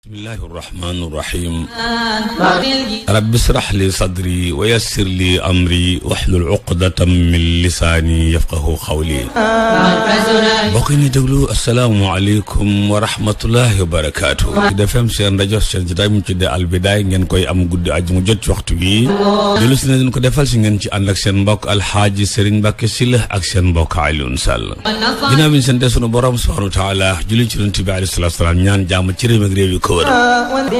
bismillahi irrahmani irrahim rabbi israh li sadri wa yassir li amri waxlul uqdatam min lisaani yafqahu xawli mbokk ñi déglu asalaamualeykum wa rahmatullahi wa barakaatu Sud FM seen rajo seen jotaay mu tuddee albidaay ngeen koy am guddi aju mu jot ci waxtu bi dellu si na leen ko defal si ngeen ci ànd ak seen mbokk alxaaji Sëriñ Mbàkke Sylla ak seen mbokk Alioune Sall ginnaaw bi ñu sante sunu borom subhaanahu wa taala julli ci Yonent bi alayhi salaatu wa salaam ñaan jàmm ci réew mi ak réew yi akbar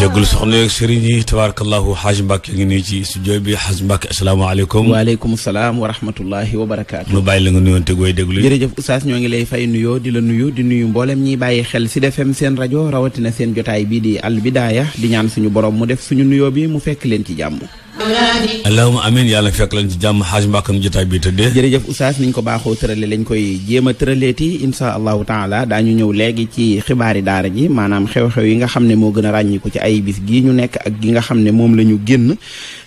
jégalu soxna yeeg sëriñ yi tabarakallahu xaaj Mbàkke ngi nii ci studio bi xaaj Mbàkke asalaamaaleykum waaleykum salaam wa rahmatullahi wa barakaatu nu bàyyi la nga nuyoon teg déglu jërëjëf oustaz ñoo ngi lay fay nuyoo di la nuyu di nuyu mboolem ñiy bàyyi xel si defem seen rajo rawatina seen jotaay bii di al bidaaya di ñaan suñu borom mu def suñu nuyoo bi mu fekk leen ci jàmm allahuma amin yàlla fekk lañ ci jàmm xaaj mbàkkam jotaay bi tëddee jërëjëf oustaz niñ ko baaxoo tërale lañ koy jéem a tëraleeti insha allahu taala daañu ñëw léegi ci xibaari daara ji maanaam xew-xew yi nga xam ne moo gën a ràññiku ci ay bis gii ñu nekk ak gi nga ne moom la ñu génn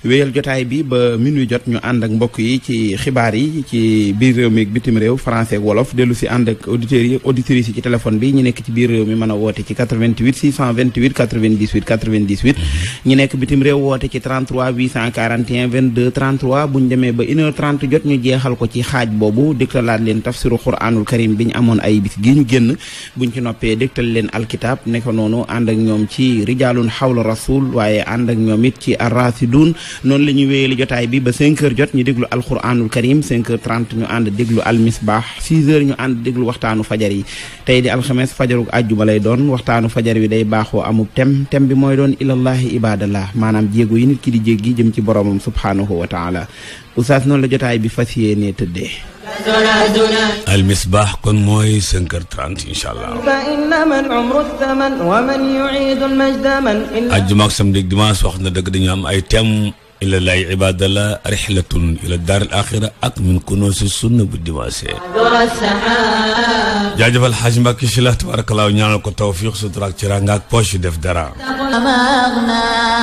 wéyal jotaay bi ba minuit jot ñu ànd ak mbokk yi ci xibaar yi ci biir réew mi ak bitim réew français ak wolof dellu si ànd ak auditeurs yi auditrices yi ci téléphone bi ñu nekk ci biir réew mi mën a woote ci 88 628 98 98 ñu nekk bitim 241 22 33 bu ñu demee ba 1 heure 30 jot ñu jeexal ko ci xaaj boobu dégtalaat leen tafsiru quranul karim bi ñu amoon ay bis gi ñu génn buñ ci noppee dégtal leen alkitab ne noonu ànd ak ñoom ci jotaay bi ba 5 jot ñu déglu alquranul karim 5 heures ñu ànd déglu almisbah 6 heures ñu ànd déglu waxtaanu fajar yi tey di alxames fajarug àjjuma lay doon waxtaanu fajar wi day baaxoo amub tem tem bi mooy doon ilallahi ibadallah maanaam jëm ci boromam subhaanahu wa taala oustaz noonu la jotaay bi fas yéenee tëddee al misbah kon mooy 5h30 incha allah ajjuma ak samedi dimanche wax na dëgg dañu am ay thèmes ila lay ibadallah rihlatun ila daar al axira ak min kunuusi bu dimanche jaajëfal xaaj mbàkki si la tabarakallaahu ñaanal ko tawfiq sutura ak ci def dara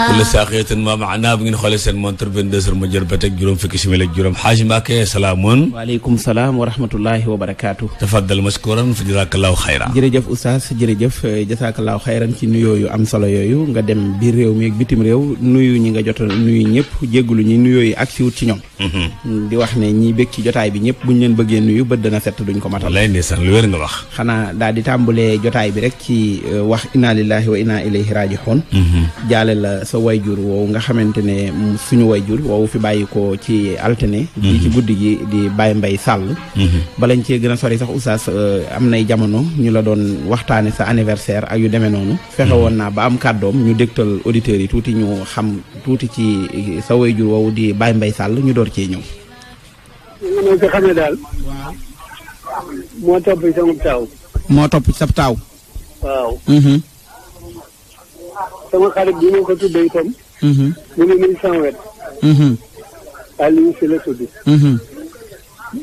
kulle saaxiyatin ma maana bu ngeen xoolee seen montre vingt-deux heures ma jël ba teg juróom fukki simili ak juróom xaaj mbàkke salaamun waaleykum salaam wa rahmatullahi wa barakaatu tafaddal maskuran fa jazaakallaahu xayran jërëjëf oustaz jërëjëf jazaakallaahu xayran ci nuyoo yu am solo yooyu nga dem biir réew mi ak bitim réew nuyu ñi nga jotoon nuyu ñëpp ñëpp jéggulu ñi nuyoo yi ak siwut ci ñoom mhm. di wax ne ñi bég ci jotaay bi ñëpp buñ leen bëggee nuyu bët dana set duñ ko matal lay ndeysaan lu wér nga wax xanaa daal di tàmbalee jotaay bi rek ci euh, wax inna lillahi wa inna ilayhi rajihoon mhm. jaale la sa wayjur woowu nga xamante ne suñu wayjur woowu fi bàyyi ko ci altine mhm. di ci guddi gi di Baye Mbaye Sall balañ cee gën a sori sax oustaz euh, am nay jamono ñu la doon waxtaane sa anniversaire ak yu demee noonu fexe woon naa ba am kàddoom ñu dégtal auditeurs yi tuuti ñu xam tuuti ci ci sa wayjur woowu di Baye Mbaye Sall ñu door cee ñëw. moo ci xamee daal. waaw. moo topp ci sama taaw. moo topp ci sa taaw. waaw. Mm-hmm. sama xarit bi ma ko tuddee itam. Mm-hmm. mu ne mille cent wet. Mm-hmm. Aliou la tudd.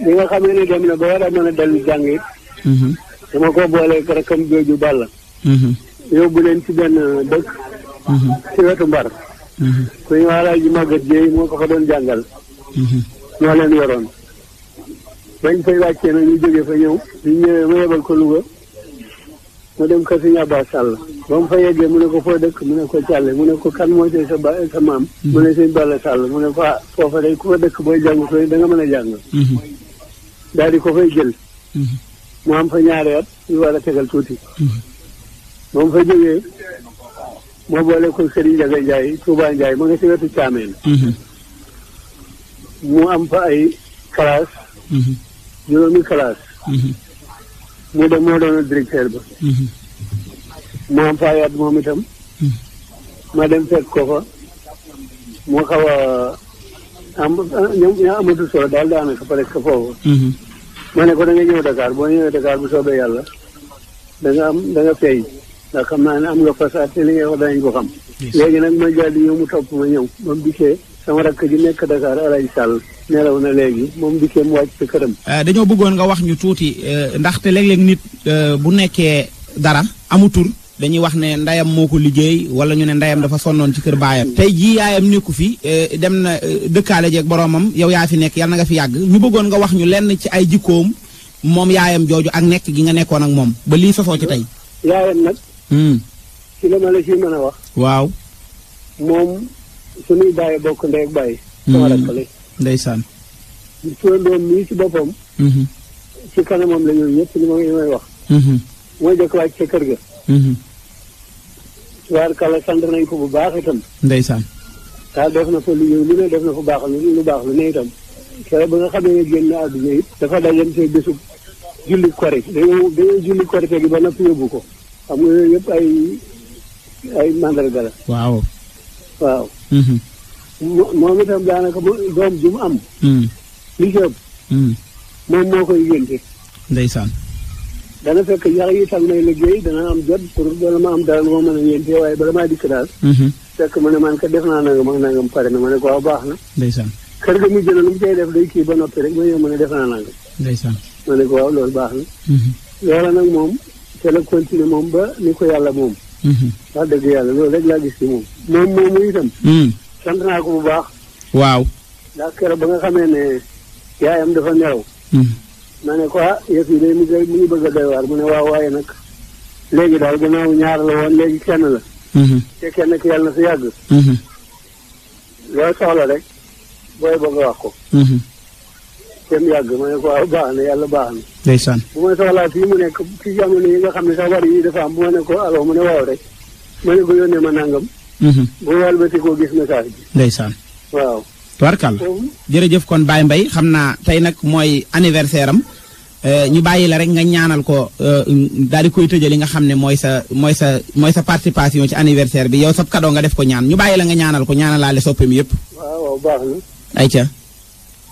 bi nga xamee ne dem na ba war a mën a dellu jàng dama ko booleeg rakkam jooju bàll. yóbbu leen ci benn dëkk. ci wetu mbar. ku ñu alaaji màggat jéey moo ko fa doon jàngal ñoo leen yoroon bañ fay wàccee na ñu jógee fa ñëw ñu ñëwee ma yebal ko Louga mu dem kër Sëñ Abbas Sall ba fa yeggee mu ne ko foo dëkk mu ne ko càlle mu ne ko kan moo tey sa ba sa maam mu ne Sëñ Balla Sall mu ne ko ah, foofa day ko fa dëkk booy jàng sooy da nga mën a jàng daal di ko fay jël mu am fa ñaari at yu war a tegal tuuti ba fa jógee ma boole ko Serigne Ndiaga Ndiaye Touba Ndiaye ma nga si wetu Thiamène. Mm-hmm. mu am fa ay classe mm-hmm. juróomi mm-hmm. mu dem moo doon directeur ba. mu am fa ma dem fekk ko fa mu xaw a am ña amatu solo daal daanaka presque foofu. ma ne ko da nga ñëw Dakar boo ñëwee Dakar bu soobee yàlla da am da nga feeñ. ndax xam naa nga wax ko léegi nag ma jàll ñëw mu topp ma ñëw ba mu dikkee sama rakk ji nekk na léegi moom dikkee mu wàcc sa euh, dañoo bëggoon nga wax ñu tuuti euh, ndaxte léeg-léeg nit euh, bu nekkee dara amu tur dañuy wax ne ndeyam moo ko liggéey wala ñu ne ndeyam dafa sonnoon ci kër baayam mm. tey jii yaayam nekku fi dem na dëkkaale jeeg boroomam yow yaa fi nekk yal na nga fi yàgg ñu bëggoon nga wax ñu lenn ci ay jikkoom moom yaayam jooju ak nekk gi nga nekkoon ak moom ba lii sosoo ci tey. yaayam nag Hmm. ci la ma la ci mën a wax. waaw. moom suñuy bàyyi bokk ndey ak bàyyi. Hmm. sama rakk la. ndeysaan. turandoom mii ci boppam. Hmm. ci kanamam la ñoom ñëpp ma li may wax. mooy jëkk wàcc ca kër ga. waar kala sant nañ ko bu baax itam. ndeysaan. daal def na fa liggéey lu ne def na baax lu baax lu ne itam. keroog ba nga xamee ne génn àdduna it. dafa dajante bésu julli korite dañoo dañoo julli korite gi ba noppi yóbbu ko. xam nga yooyu yëpp ay ay mandarga la. waaw. waaw. Mm-hmm. moom itam daanaka doom ju mu am. Mm. li ci ëpp. Mm. moom moo koy yënte. ndeysaan. dana fekk yàlla yi tam nay liggéey dana am jot pour bala ma am dara lu ma mën a yënte waaye bala maa dikk daal. Mm-hmm. fekk mu man ka def naa nangam ak nangam pare ma ne ko waaw baax na. ndeysaan. kër ga mu jël lu mu cay def day kii ba noppi rek ma ñëw ma ne def naa nangam. ndeysaan. ma ne ko waaw loolu baax na. Mm-hmm. loola nag moom. te nag continuer moom ba ni ko yàlla moom. Mhm. wax dëgg yàlla loolu rek laa gis ci moom. moom moomu itam. Mhm. sant naa ko bu baax. waaw. ndax keroog ba nga xamee ne yaayam dafa neraw. Mhm. ma ne ko ah yëf mu ngi bëgg a doy waar mu ne waaw nag léegi daal gannaaw ñaar la woon léegi kenn la. te kenn ki yàlla na fi yàgg. loolu soxla rek booy bëgg a wax ko. tem yàgg ma ne ko waaw baax na yàlla baax na. ndeysaan bu ma soxlaa fii mu nekk ci jamono yi nga xam ne sax war yi dafa am bu ma ne ko alors mu ne waaw rek ma ne ko yónnee ma nangam. Mhm. bu walbati koo gis message bi. ndeysaan waaw. tubarkàlla oh. jërëjëf kon Baye Mbaye xam naa tey nag mooy anniversaire am eh, ñu bàyyi la rek nga ñaanal ko eh, daal di koy tëjee li nga xam ne mooy sa mooy sa mooy sa participation ci anniversaire bi yow sab cadeau nga def ko ñaan ñu bàyyi la nga ñaanal ko ñaanalaale soppeem yëpp.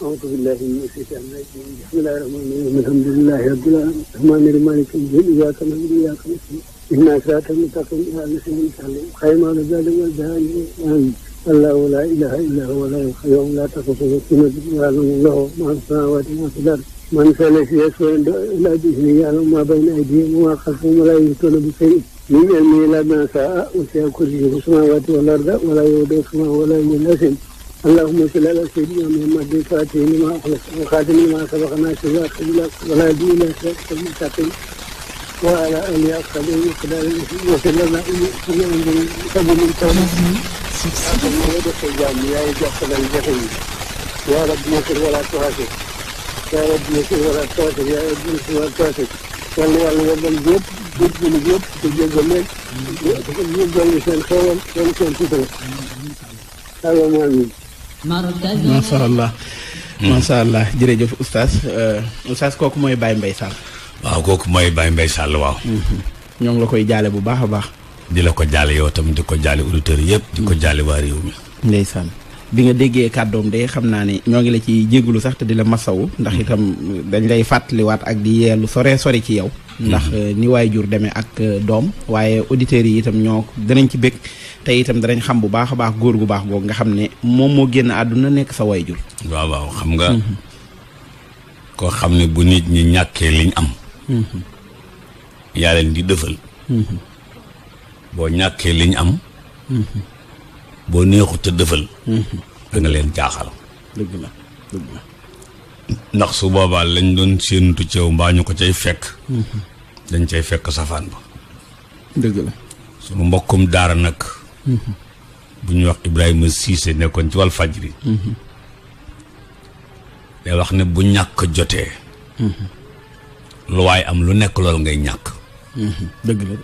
أعوذ بالله من الشيطان الرجيم بسم الله الرحمن الرحيم الحمد لله رب العالمين الرحمن الرحيم مالك يوم الدين إياك نعبد وإياك نستعين اهدنا الصراط المستقيم صراط الذين أنعمت عليهم غير المغضوب عليهم الله لا إله إلا هو لا يحيي لا تأخذه سنة ولا نوم له ما في السماوات وما في الأرض من سأل في يسوع إلا بإذنه يعلم ما بين أيديهم وما خلفهم ولا يحيطون بشيء من علمه إلا ما شاء وسع كرسيه السماوات والأرض ولا يؤوده حفظهما ولا يملسهم اللهم صل على سيدنا محمد الفاتح لما أخلص وخاتم لما سبق ناصر الحق بالحق ولا دين إلا صراط المستقيم وعلى آله أصحابه وقدر وسلم وسلم وسلم وسلم يا جحفل الجحيم يا رب نصر ولا تهاجر يا رب نصر ولا تهاجر يا رب نصر ولا تهاجر yàlla yàlla yàggal yëpp yëpp yëpp yëpp te jéggal leen yëpp yëpp dolli seen xewal seen seen sutura yàlla moo macha allah macha allah jërëjëf oustaz euh, oustaz kooku mooy Baye mbay Sall. waaw kooku mooy baay mbay Sall waaw. Mm-hmm. ñoo ngi la koy jaale bu baax a baax. di la ko jaale yow tamit di ko jaale auditeurs yëpp. di ko jaale waa réew mi. ndeysaan bi nga déggee kàddoom de xam naa ni ñoo ngi la ci jégalu sax te di la masawu. ndax mm-hmm. itam dañ lay fàttaliwaat ak di lu sore sori ci yow. Mm-hmm. ndax euh, ni waay jur demee ak euh, doom waaye auditeurs yi itam ñoo danañ ci bëgg. te itam danañ xam bu baax a baax góor gu baax googu nga xam ne moom moo génn àdduna nekk sa wayjur waaw waaw xam nga mhm. koo xam ne bu nit ñi ñàkkee liñ am mhm. yaa leen di dëfal mhm. boo ñàkkee liñ am boo neexut a dëfal da leen jaaxal ndax su boobaa lañ doon séentu ceew mbaa ñu ko cay fekk dañ cay fekk safaan ba dëgg la sunu mbokkum daara nag bu ñuy wax Ibrahima Cissé nekkoon ci wàllu fajri day wax ne bu ñàkk jotee lu waaye am lu nekk loolu ngay ñàkk dëgg la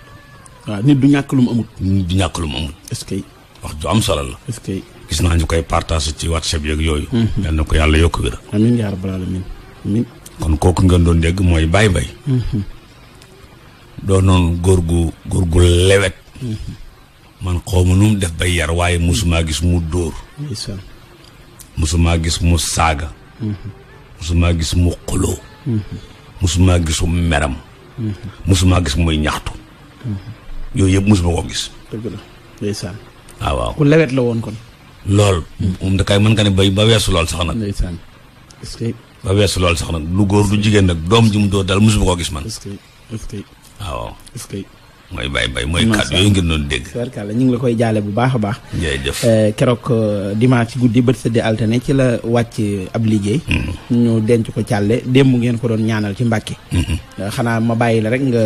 waaw nit du ñàkk lu mu amut nit du ñàkk lu mu amut est-ce que wax ju am solo la est que gis naa ñu koy partage ci WhatsApp yeeg yooyu mhm. yal na ko yàlla yokk wér amiin yaa rabbal aalamiin kon kooku ngeen doon dégg mooy Baye Mbaye mhm. doo noonu góor gu góor gu lewet mhm. man xawma nu mu def ba yar waaye mosumaa gis mu dóor mosumaa gis mu saaga mosumaa gis mu xuloo mosumaa gis mu meram mosumaa gis muy ñaxtu yooyu yëpp mosuma ko gis dëgg la ndeysaan waaw ah, waaw ku lewet la woon kon lool moom kay mën nga ne bay ba weesu lool sax nag ndeysaan est que ba weesu lool sax lu góor lu jigéen nag doom ji mu dóor dal mosuma ko gis man ah, waaw mooy bay bay mooy kàddu yooyu ngeen doon dégg ñu ngi la koy jaale bu baax a baax jërëjëf eh, keroog eh, dimanche ci guddi bët sëddee altine ci la wàcc ab liggéey mm-hmm. ñu denc ko càlle démb ngeen ko doon ñaanal ci mbàkke mm-hmm. eh, xanaa ma bàyyi la rek nga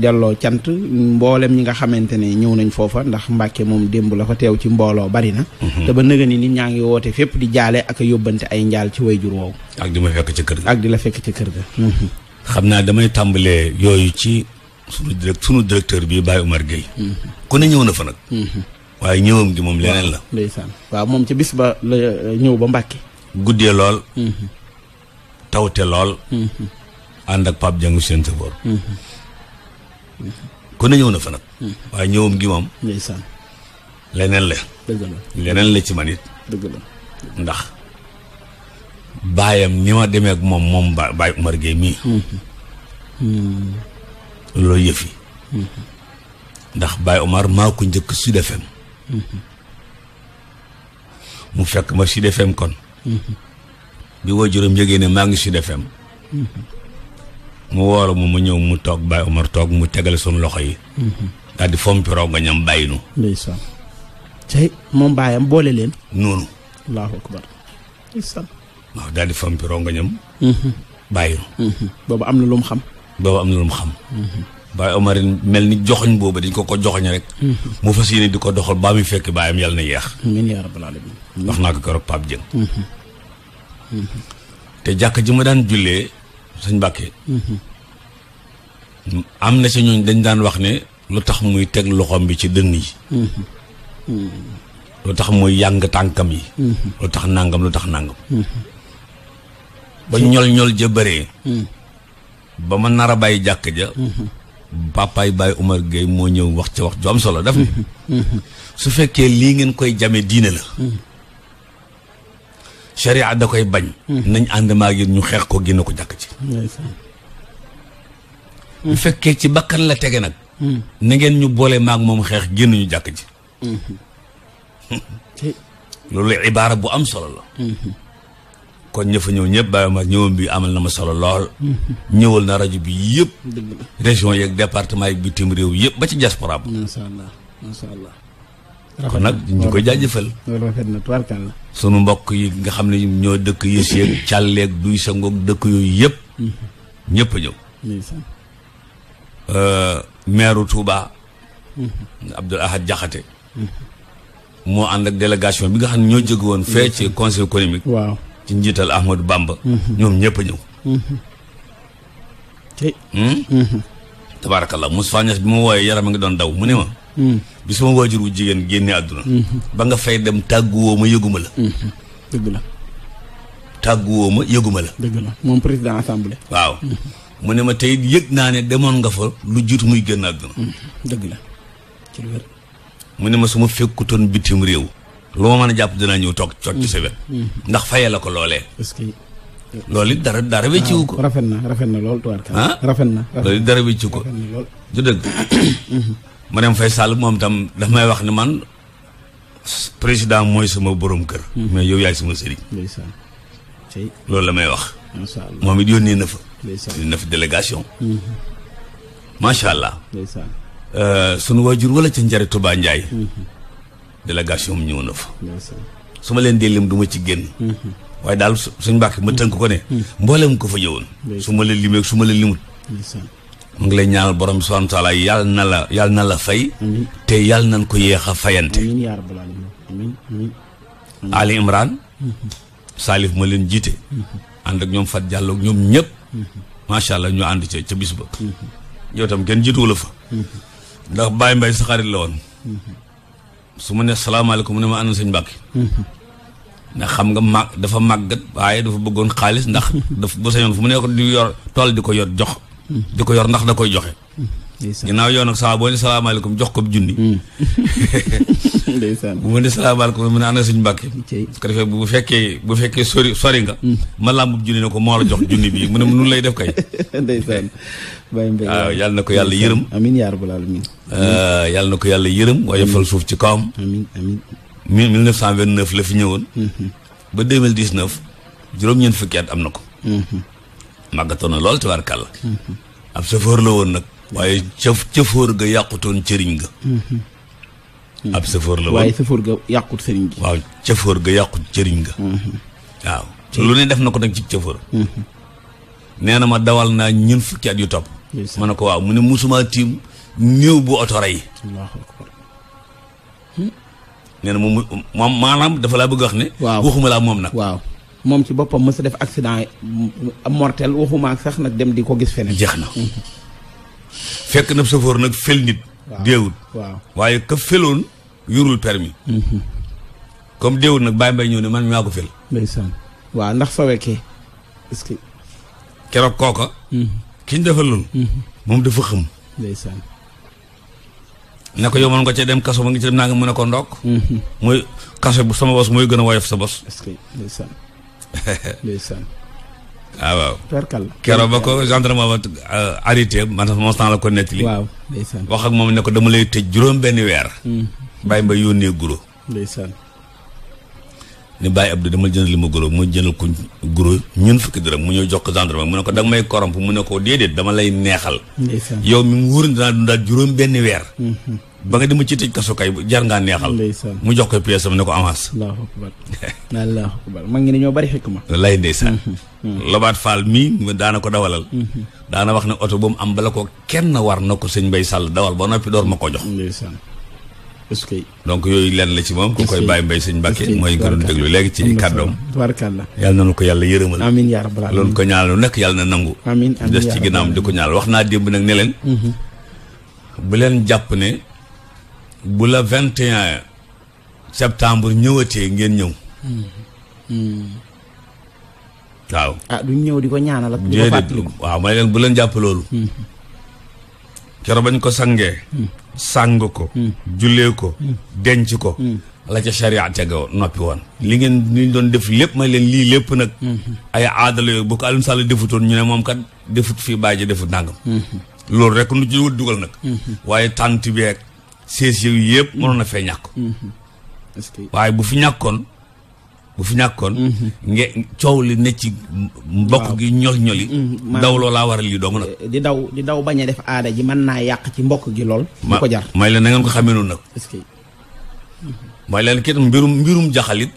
delloo cant mboolem ñi nga xamante ne ñëw nañ foofa ndax mbàkke moom démb la fa teew ci mbooloo bari na mm-hmm. te ba nëga ni nit ñaa ngi woote fépp di jaale ak yóbbante ay njaal ci way jur woowu ak di ma fekk ci kër ga ak di la fekk ci kër ga xam naa ci suñu direct suñu directeur bi Baye ku ne ñëw na fa nag waaye ñëwam gi moom leneen la ndeysaan waaw moom ci bis ba la euh, ñëw ba Mbàkke guddee lool mm-hmm. lool mm-hmm. ànd ak Pape Diangu seen safoor mm-hmm. ñëw na fa nag waaye ñëwam gi moom leneen la ci man it dëgg la ndax baayam ni ma demee ak moom moom Baye Omar Gueye mii looloo yëf ndax Baye Omar maa ko njëkk Sud FM mu fekk ma Sud FM kon bi waajuram yëgee ne maa ngi Sud FM mu woolu ma mu ñëw mu toog Baye Omar toog mu tegale suñu loxo yi daal di fompi rongoñam bàyyi nu ndeysaan tey moom baayam boole leen noonu allahu akbar ndeysaan waaw daal di fompi rongoñam mm-hmm. bàyyi nu mm-hmm. boobu am na lu mu xam boobu am na lu mu xam. Baye Omarine mel ni joxoñ boobu dañ ko ko joxoñ rek. mu fas yéene di ko doxal baa muy fekk baayam yàlla na yeex. amiin yaa rabbal aalamiin. wax naa ko keroog Pape jën te jàkk ji ma daan jullee sëñ Mbàkke. am na ci ñooñ dañ daan wax ne lu tax muy teg loxoom bi ci dënn yi. lu tax muy yàng tànkam yi. lu tax nangam lu tax nangam. ba ñol ñol ja ba ma nar a bàyyi jàkk ja mhm. papaay Baye Umar Gueye moo ñëw wax ca wax ju am solo daf ni mhm. mhm. su fekkee lii ngeen koy jame diine la sharia da koy bañ nañ ànd maa ngi ñu xeex ko génne ko jàkk ci bu fekkee ci bakkan la tege nag na ngeen ñu boole maag moom xeex génn ñu jàkk ji loolu ibaara bu am solo la kon ñëfa ñëw ñëpp Baye ñëwoon bi amal na solo lool ñëwal na rajo bi yëpp région yeeg département yeeg bitim réew yëpp ba ci diaspora ba macha allah nag ñu koy jaajëfal sunu mbokk yi nga xam ne ñoo dëkk yës yeeg càlleeg duy sa ngoog dëkk yooyu yëpp mm-hmm. ñëpp a ñëw euh, maire Touba mm-hmm. Abdoul Ahad Jaxate mm-hmm. moo ànd ak délégation bi nga xam ne ñoo jóge woon fee ci conseil économique ci njiital Ahmadou Bamba. ñoom ñëpp a ñëw. tey. Hmm? tabaarakallah Moustapha Niass bi ma wooyee yaram a ngi doon daw mu ne ma. Hmm. bi sama waajur wu jigéen génne àdduna. Hmm. ba nga fay dem tàgguwoo ma yëguma la. tàgguwoo ma yëguma moom président assemblée. waaw mu ne ma tey yëg naa ne demoon nga fa lu jiitu muy génn àdduna. dëgg mu ne ma suma ma fekkutoon bitim réew. lu ma mën a jàpp dinaa ñëw toog coot ci sa mm. Mm. ndax faye la ko loolee loolu it dara dara wécciwu ko rafet na rafet na lool tuwaat ah rafet na loolu it dara wécciwu ko du dëgg ma dem fay sàll moom tam daf may wax ni man président mooy sama borom kër mm-hmm. mais yow yaay sama sëriñ loolu la may wax moom it yónnee na fa yónnee na fa délégation mm-hmm. macha allah euh, sunu waajur wala ca njari Touba Ndiaye mm-hmm. délégation am ñëw na fa. su ma leen dee lim du ci génn. Mhm. waaye daal suñ mbàkk ma tënk ko ne. Mhm. mbooleem ko fa ñëwoon. su ma leen limee su ma la limut. mu ngi leen ñaanal borom subhaanahu taala yàlla na la yàlla na la fay. te yàlla nañ ko yéex a fayante. Ali Imran. Mhm. Salif ma leen jiite. ànd ak ñoom Fat Diallo ñoom ñëpp. macha allah ñu ànd ca ca bis ba. yow tam kenn jiituwu la fa. ndax Baye Mbaye sa xarit la woon. su ma ne salaamaaleykum mu ne ma ànd sëñ Mbàkke ndax xam nga màgg dafa màggat waaye dafa bëggoon xaalis ndax daf bu sañoon fu mu ne ko di yor tool di ko yor jox di ko yor ndax da koy joxe ginnaaw yoon ak salaamaaleykum jox ko junni hmm. ndeysaan bu ma ne salaamaaleykum mu ne ana suñu mbàkke su ko defee bu fekkee bu fekkee sori sori nga hmm. ma làmbub junni ne ko moo la jox junni bii mu ne nu lay def kay Baye Mbaye waaw ah, yal na ko yàlla yërëm. amiin yaa rabbal aalamiin. Ah, yal na ko yàlla yërëm. woyofal suuf ci kaw amiin amiin. mille mille neuf cent vingt neuf la fi ñëwoon. Mhm. ba deux mille dix neuf juróom-ñeent fukki at am na ko. Mhm. màggatoon na lool la mhm. ab sëfoor la woon nag. waaye cëf cëfoor ga yàqutoon cëriñ ga. ab sëfoor la woon waaye sëfoor ga yàqut sëriñ gi. waaw cëfoor ga yàqut cëriñ ga. waaw lu ne def na ko nag ci cëfoor. nee na ma dawal naa ñun fukki at yu topp. ma ne ko waaw mu ne musuma tiim néew bu oto rey. Hmm? nee na moom moom maanaam dafa laa bëgg wax ne. waaw waxuma laa moom nag. moom ci boppam mës a def accident mortel waxuma ak sax nag dem di ko gis feneen. jeex na fekk na safoor nag fel nit. déewut waaw waaye ka feloon yorul permis mhm. comme déewut nag bàyyi mbay ñëw ne man maa ko fel. waaw ndax soo wekkee keroog kooka. Hmm. ki defal loolu. Hmm. moom dafa xëm. ndeysaan. ne ko yow mën nga cee dem kaso ma ngi ci dem naa nga mën a ko ndokk. Hmm. mooy kaso bu sama bos mooy gën a woyof sa bos. est-ce que ndeysaan ndeysaan. ah waaw. perkal keroog ba ko gendarme ba euh, arrêté man sama instant la ko nettali. waaw wax ak moom ne ko dama lay tëj juróom benn weer. bàyyi ma yónnee guro. ndeysaan. ni ab Abdou dama jënd li ma goro mu jëndal ko goro ñun fukki dërëm mu ñëw jox ko gendarme mu ne ko danga may corrompre mu ne ko déedéet dama lay neexal. yow mi mu wóor dinaa dundaat juróom benn weer. Mhm. ba nga dama ci tëj kaso kay jar ngaa neexal. mu jox ko pièce am ne ko avance. allahu akbar allahu akbar mag ngi ne ñoo bari ma lay ndeysaan. Mhm. Mhm. Lobaat Fall mii daana ko dawalal. daana wax ne oto bu mu am bala ko kenn war na ko sëñ Mbay Sàll dawal ba noppi door ma ko jox. ndeysaan. est que donc yooyu lenn la ci moom ku koy bàyyi mbay sëñ Mbàkke mooy nga doon déglu léegi ci kàddoom tubaarkàlla yàlla na nu ko yàlla yërëmal amiin yaa rabbal aalamiin loolu ko ñaanal lu nekk yàlla na nangu amiin amiin des ci ginnaawam di ko ñaanal wax naa démb nag mhm. jàpp ne bu la 21 septembre ñëwatee ngeen ñëw mhm. waaw ah duñ ñëw di ko ñaanal ak leen bu leen jàpp loolu mhm. keroog bañ ko sangee sàng ko hmm. jullee ko hmm. denc ko hmm. la ca charia ca gaw noppi woon li ngeen ñu doon def lépp may leen lii lépp nag ay aadala yooyu bu ko Alioune Sall defutoon ñu ne moom kat defut fii bàyyi defut nangam loolu rek nu ci wut dugal nag waaye tànt beek ak sees yëpp mënoon a fee ñàkk waaye bu fi ñàkkoon bu fi ñàkkoon. Mhm. nge coow li ne ci. mbokk gi ñol ñoli mhm. daw loolaa waral li dong nag. Eh, di daw di daw bañ a def aada ji man naa yàq ci mbokk gi lool. ma ko jar may leen na ngeen ko xamee noonu nag. est que. Mhm. may leen kii mbirum mbirum jaxalit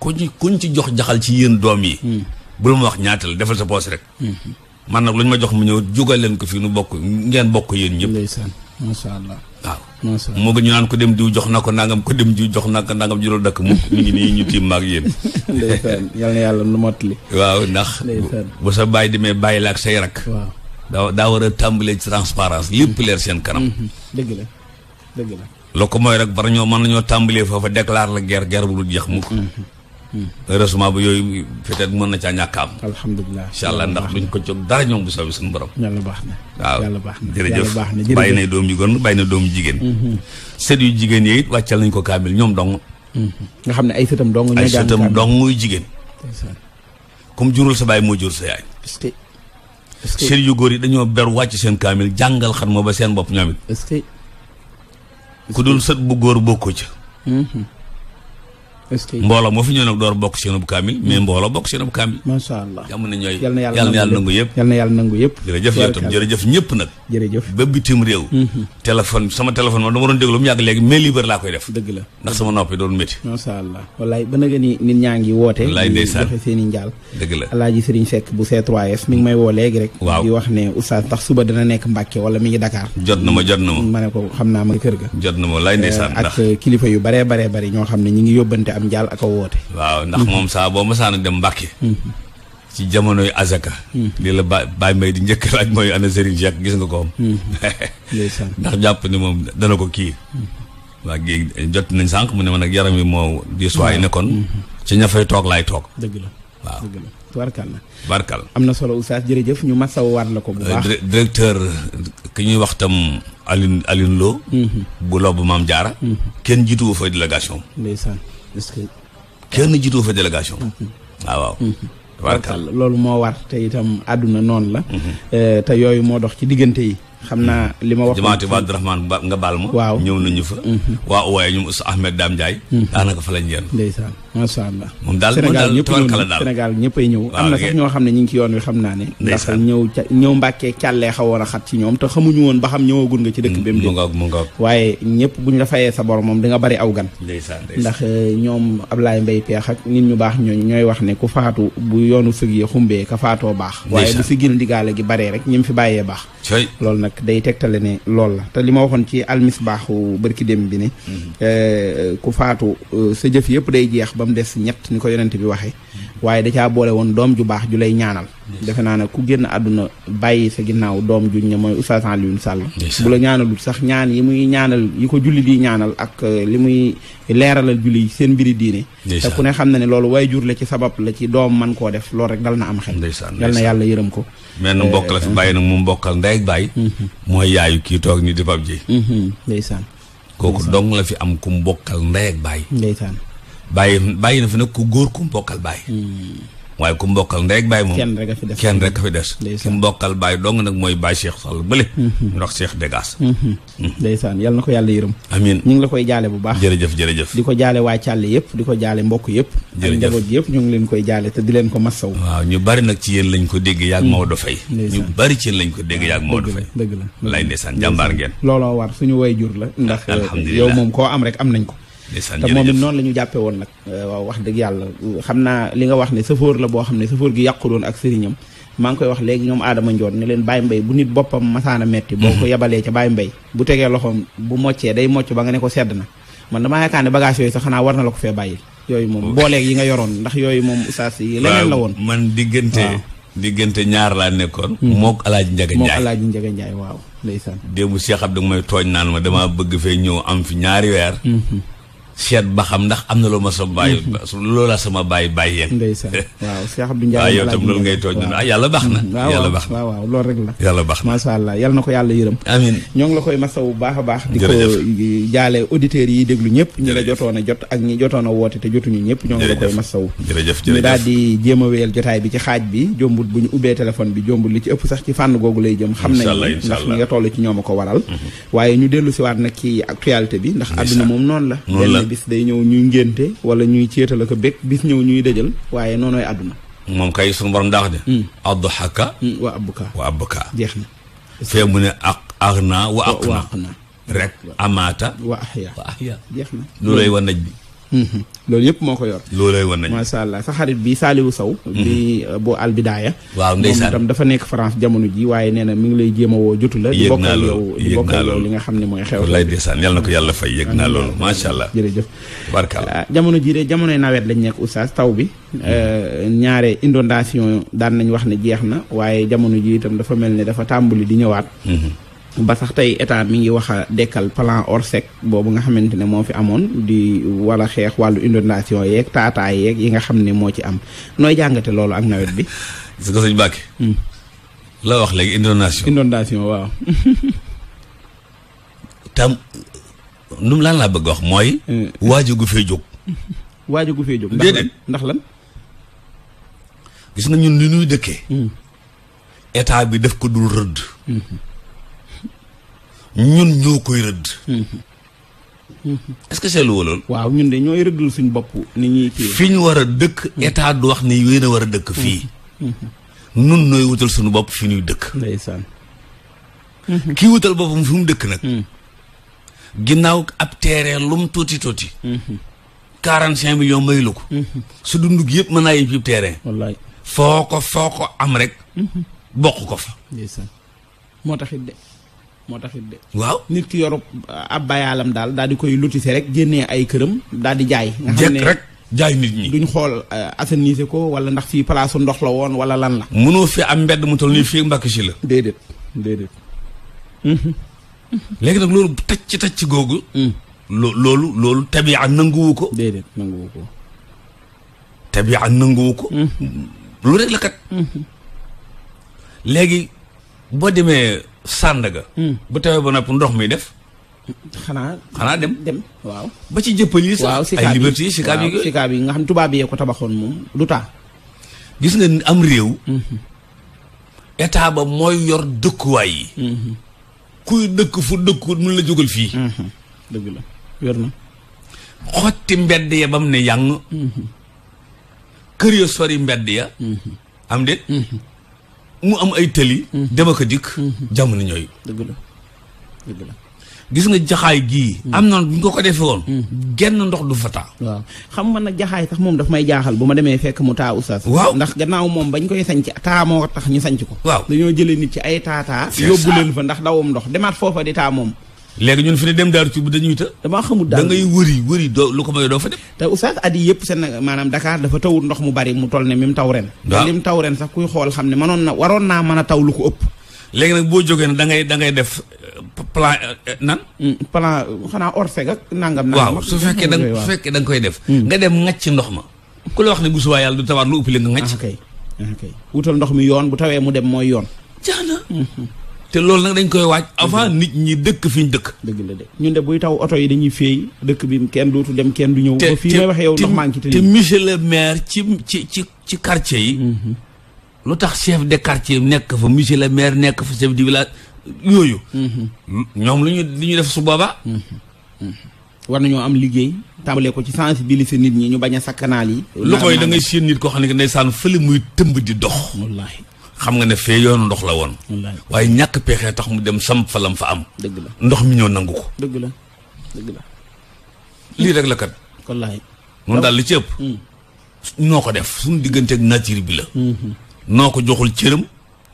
kuñ ci kuñ ci jox jaxal ci yéen doom yi. bul ma wax ñaata la defal sa poos rek. man nag lu ñu ma jox mu ñëw jógal leen ko fii nu bokk ngeen bokk yéen ñëpp. ndeysaan macha allah. moo gën ñu naan ko dem diw jox na ko nangam ko dem diw jox na ko nangam jural dakk mu ñu ngi nii ñu tiim maag yéen ndeysaan yàlla nu mottali waaw ndax bu sa bàyyi demee bàyyi la ak say rak waaw daa war a tàmbalee ci transparence lépp leer seen kanam mhm. dëgg loo ko mooy rek bara ñoo mën ñoo tàmbalee foofu déclare la ger guerre bu jeex mukk mhm. heureusement bu yooyu peut-être mën na caa ñàkk am. alhamdulilah incha allah ndax duñ ko jóg dara ñoom bu soobee suñu borom. yàlla baax na waaw yàlla baax na jërëjëf bàyyi na doom yu gën bàyyi na doom jigéen. sët yu jigéen mm-hmm. yi it nañ ko kaamil ñoom dong. Mm-hmm. nga xam ne ay sëtam dong. ñooy ay sëtam jigéen. comme jurul sa baay moo jur sa yaay. est-ce que sët yu góor yi dañoo ber wàcc seen kaamil jàngal xatma ba seen bopp ñoom it. est-ce que ku dul sët bu góor bokkoo ca. Mm-hmm. mbooloo moo fi ñëw nag door bokk seen bu kaamil mais hmm. mbooloo bokk seen bu kaamil macha allah am na ñooy yal na yàlla nangu yëpp yal na yàlla nangu yëpp jërëjëf yow tam jërëjëf ñëpp nag jërëjëf ba bitim réew hmm. téléphone sama téléphone moom dama doon déglu mu yàgg léegi mais libre laa koy def dëgg la ndax sama noppi doon métti macha allah wallaay ba nga ni nit ñaa ngi woote wallaay ndeysaan joxe seen i njaal dëgg la alaaji Sëriñ Seck bu C3S mi ngi may woo léegi rek waaw di wax ne oustaz ndax suba dana nekk Mbàkke wala mi ngi Dakar jot na ma jot na ma ma ne ko xam naa ma kër ga jot na ma wallaay ndeysaan eh, ak kilifa yu bare bare bare ñoo xam ne ñi ngi yóbbante am njaal ak a woote. ndax mm-hmm. moom saa boo masaana dem Mbàkke. Mm-hmm. ci jamonoy azaka mm-hmm. la ba Baye Mbaye di njëkk laaj mooy ana Serigne gis nga ko am. ndax jàpp ne moom dana ko kii. waa gi jot nañ sànq mu ne ma nag yi moo diis waay nekkoon. ci ña toog laay toog. dëgg la waaw dëgg la na. tubarkal am na solo oustaz jërëjëf ñu masawu waat la ko bu baax. directeur ki ñuy wax tam Aline Aline Lo. bu lobu maam Diarra. kenn jiituwu fa délégation. est que kenn jiitu fa délégation. Mm-hmm. Ah, waaw waaw. Mm-hmm. loolu moo war te itam àdduna noonu la. Mm-hmm. Eh, te yooyu moo dox ci diggante yi. xam naa li ma wax. jamaatu Ibadu ba nga baal ma. waaw ñëw nañu fa. Mhm. waa waaye ñoom Oustaz Ahmed Dame Ndiaye. Mhm. daanaka fa lañ yenn. ndeysaan macha allah. moom daal moom daal tubarkala daal Sénégal ñëpp ay ñëw. am na ñoo xam ne ñu ngi ci yoon wi xam naa ne. ndax ñëw ñëw mbàkkee càllee xaw war a xat ci ñoom te xamuñu woon ba xam ñëwagul nga ci dëkk bi. mu mm, ngoog mu ngoog waaye ñëpp bu ñu la fayee sa borom moom di nga bari aw gan. ndeysaan ndax eh, ñoom laay Mbaye Peex ak nit ñu baax ñooñu ñooy wax ne ku faatu bu yoonu sëg yi xumbee ka faatoo baax. waaye bu fi gil ndigaale gi baree rek ñi fi bàyyee baax loolu nag day tegtale ne loolu la te li ma waxoon ci almisbaaxu barki dem bi ne mhm. eh, ku faatu eh, sa jëf yëpp day jeex ba mu des ñett ni ko yonent bi waxee mhm. waaye da caa boole woon doom ju baax ju lay ñaanal defe naa ne ku génn àdduna bàyyi sa ginnaaw doom juñ ne mooy Oustaz Alioune Sall bu la ñaanalut sax ñaan yi muy ñaanal yi ko julli di ñaanal ak euh, li muy leeralal julli seen mbiri diine te ku ne xam na ne loolu way jur la ci sabab la ci doom man koo def loolu rek dal na am xel dal na yàlla yërëm ko mel na euh, mbokk la fi bàyyi na mu mbokkal ndey ak bàyyi mhm. mooy yaayu kii toog ni di pap ji mhm. ndeysaan kooku dong la fi am ku mbokkal ndey ak bàyyi ndeysaan bàyyi bàyyi na fi nag góor ku mbokkal bàyyi waaye ku mbokkal ndey ak bàyyi moom kenn rek a fi des kenn rek a fi des ku mbokkal bàyyi dong nag mooy bàyyi Cheikh Sall bële mhm. ñu wax Cheikh Degas mhm. Mhm. ndeysaan yal na ko yàlla yërëm amiin ñu ngi la koy jaale bu baax jërëjëf jërëjëf di ko jaale waa Càlle yëpp di ko jaale mbokk yëpp ak njaboot yëpp ñu ngi leen koy jaale te di leen ko massaw waaw ñu bari nag ci yéen lañ ko dégg yaag Maodo Faye ñu bari ci yéen lañ ko dégg yaag Maodo Faye dëgg la lay ndeysaan jàmbaar ngeen looloo war suñu way jur la ndax yow moom koo am rek am nañ ko te moom it noonu la ñu jàppe woon nag euh, waaw wax dëgg yàlla xam naa li nga wax ne sëfoor la boo xam ne sëfoor gi yàqu doon ak sëriñam maa ngi koy wax léegi ñoom aadama njoon ne leen Baye Mbaye bu nit boppam masaana metti boo ko mhm. yebalee ca Baye Mbaye bu tegee loxoom bu moccee day mocc ba nga ne ko sedd na man damaa yaakaar ne bagage yooyu sax xanaa war na la ko fee bàyyil yooyu moom booleeg yi nga yoroon ndax yooyu moom ustaas yi leneen la woon man diggante diggante ñaar laa nekkoon mhm. mook alaaji njaga njaay mook alaaji njaga njaay waaw ndeysaan démb Cheikh Abdou may tooñ naan ma damaa bëgg fee ñëw am fi ñaari weer mhm. seet ba xam ndax am na loo ma sa bàyyi mhm. loola sama bàyyi bàyyi yéen ndeysaan waaw Cheikh Abdou Ndiaye waaw yow tam loolu ngay na ah yàlla baax na mhm. yàlla baax na waaw loolu rek la yàlla baax na macha allah yal na ko yàlla yërëm amiin la koy masaw bu baax a baax di ko jaale auditeurs yi déglu ñëpp ñi la jotoon a jot ak ñi jotoon a woote te jotuñu ñëpp ñoo ngi la koy masaw jërëjëf jërëjëf ñu daal di jéem a jotaay bi ci xaaj bi jombut bu ñu ubbee téléphone bi jombut li ci ëpp sax ci fànn googu lay jëm xam nañ ndax ñi nga toll ci ñoom a ko waral mhm. waaye ñu ay bis day ñëw ñuy ngénte wala ñuy céetal ak a bég bis ñëw ñuy dëjal waaye noonooy àdduna moom kay suñu borom daax de hmm. adduxaka hmm, wa abbuka wa abbuka jeex na fee mu ne ak ak naa wa ak naa rek amaata wa ahya wa ahya jeex wa naj bi Mm-hmm. loolu yëpp moo ko yor. loolay wan nañu macha allah sa xarit bi Saliou Sow. bi mm-hmm. uh, boo albidaaya. waaw ndeysaan moom itam dafa nekk France jamono ji waaye nee na mi ngi lay jéem woo jotu la. yëg naa li nga xam ne mooy xew. wallaay ndeysaan yal na ko yàlla fay yëg naa loolu macha allah. jërëjëf barkaal ah, jamono ji de jamonoy nawet lañ nekk oustaz taw bi. Mm-hmm. Euh, ñaare inondation daan nañ wax ne jeex na waaye jamono ji itam dafa mel ne dafa tàmbali di ñëwaat. ba sax tey état mi ngi wax dekkal plan Orsec boobu nga xamante ne moo fi amoon di wala xeex wàllu inondation yeeg taataay yeeg yi nga xam ne moo ci am nooy jàngate loolu ak nawet bi. gis nga sëñ Mbacke. Hmm. wax léegi inondation. inondation waaw. tam lan laa mooy. Hmm. waajur gu fee jóg. waajur gu fee jóg. déedéet ndax lan. gis nga ñun li ñuy dëkkee. Hmm. état bi def ko dul rëdd. ñun ñoo koy rëdd. est-ce que seetlu woo loolu. waaw ñun de ñooy rëddul suñu bopp ni ñuy kii. fi ñu war a dëkk état du wax ni yéen a war a dëkk fii. nun nooy wutal suñu bopp fi ñuy dëkk. ndeysaan. kii wutal boppam fi mu dëkk nag. ginnaaw ab teeree lum tuuti tuuti. quarante cinq millions may lu ko. su dund gi yëpp mën naa yëg ci terrain. wallaay foo ko foo ko am rek. bokk ko fa. moo taxit de. waaw nit ki yorub ab bayaalam daal daal di koy lotise rek génnee ay këram daal di jaay. nga xam rek jaay nit ñi. duñ xool euh, assainir ko wala ndax fii palaasu ndox la woon wala lan la. mënoo fi am mbedd mu toll nii fii mbàkk si la. déedéet déedéet. Mhm. léegi nag loolu tacc tacc googu. Mm. lo loolu loolu tabi'a nanguwu ko. nanguwu ko. tabi'a nanguwu ko. Mm. lu rek la kat. Mm-hmm. léegi boo demee. Sandaga. bu hmm. tawee ba nopp ndox mi def. xanaa xanaa dem ba ci jëppal yi sax ay liberté sikaab yi sikaab yi nga xam tubaab yee ko tabaxoon moom du taa. gis nga am réew. Hmm. état ba mooy yor dëkkuwaay yi. Hmm. kuy dëkk fu dëkkut mun la jógal fii. dëgg la xotti mbedd ya ba mu ne yàng. kër ya sori mbedd ya. am déet. mu am ay tëli. Mm-hmm. dem ak a dikk. Mm-hmm. jamono ñooy. dëgg la dëgg la. gis nga jaxaay gii. Mm-hmm. am na bu ñu ko ko defee woon. genn ndox du fa taa. xam nga nag jaxaay sax moom daf may jaaxal bu ma demee fekk mu taa oustaz. waaw ndax gannaaw moom bañ koy sanc taa moo tax ñu sanc ko. waaw dañoo jële nit ci ay taa yóbbu leen fa ndax dawum ndox demaat foofa di taa moom. léegi ñun fi ne dem daaru ci bu dañuy të damaa xamul daal da ngay wëri wëri doo lu ko may doo fa dem te oustaz at yi yëpp seen maanaam dakaar dafa tawul ndox mu bari mu toll ne mi mu taw ren li mu taw ren sax kuy xool xam ne mënoon na waroon naa a taw lu ko ëpp léegi nag boo jógee ne da ngay da ngay def euh, plan euh, nan hmm, plan xanaa orsec ak nangam waaw su fekkee da su fekkee da nga koy def hmm. nga dem ŋacc ci ndox ma ku la wax ne bu subaa yàlla du tawaat lu ëpp li nga ŋacc ah, kay ah, wutal ndox mi yoon bu tawee mu dem mooy yoon te loolu nag dañ koy waaj avant nit ñi dëkk fi ñu dëkk dëgg la de ñun de buy taw oto yi dañuy féey dëkk bi kenn dootu dem kenn du ñëw ba fii waxee yow ndox maa ngi ci te monsieur le maire ci ci ci ci quartier yi mhm. lu tax chef de quartier nekk fa monsieur le maire nekk fa chef di village yooyu mhm. ñoom lu ñu li ñu def su booba mhm. war ñoo am liggéey tàmbalee ko ci sensibiliser nit ñi ñu bañ a sakkanaal yi lu koy da ngay seen koo xam ne ndeysaan fële muy tëmb di dox wallaahi xam nga ne fee yoonu ndox la woon. waaye ñàkk pexe tax mu dem samp fa lam fa am. dëgg la ndox mi ñëw nangu ko. dëgg la dëgg la. lii rek la kat. wallaay. noonu daal li ci ëpp. Hmm. noo ko def suñu diggante ak nature bi la. Hmm. noo ko joxul cëram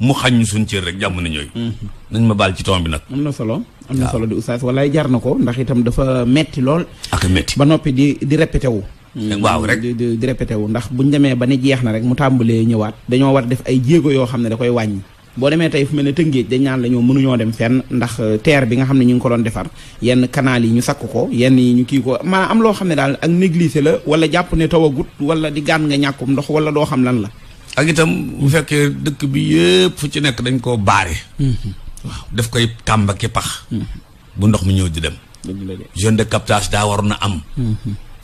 mu xàññ suñu cër rek jàmm na ñooy. Hmm. nañ ma baal ci ton bi nag. am na solo am na solo di oustaz walaay jar na ko ndax itam dafa metti lool. ak metti ba noppi di di répété wu. Mm-hmm. waaw rek di di répété wu ndax buñ demee ba ne jeex na rek mu tàmbalee ñëwaat dañoo war def ay jéego yoo xam ne da koy wàññi boo demee tey fu mel ne tëngéej dañ naan la ñoo mënuñoo dem fenn ndax euh, terre bi nga xam ne ñu ngi ko doon defar yenn canal yi ñu sakk ko yenn yi ñu kii ko maanaam am loo xam ne daal ak négligé la wala jàpp ne tawagut agut wala di gaan nga ñàkkum ndox wala doo xam lan la ak itam bu fekkee dëkk bi yëpp fu ci nekk dañ koo baare mm-hmm. waaw daf koy tàmba ki pax mm-hmm. bu ndox mi ñëw di dem zone de captage daa waroon a am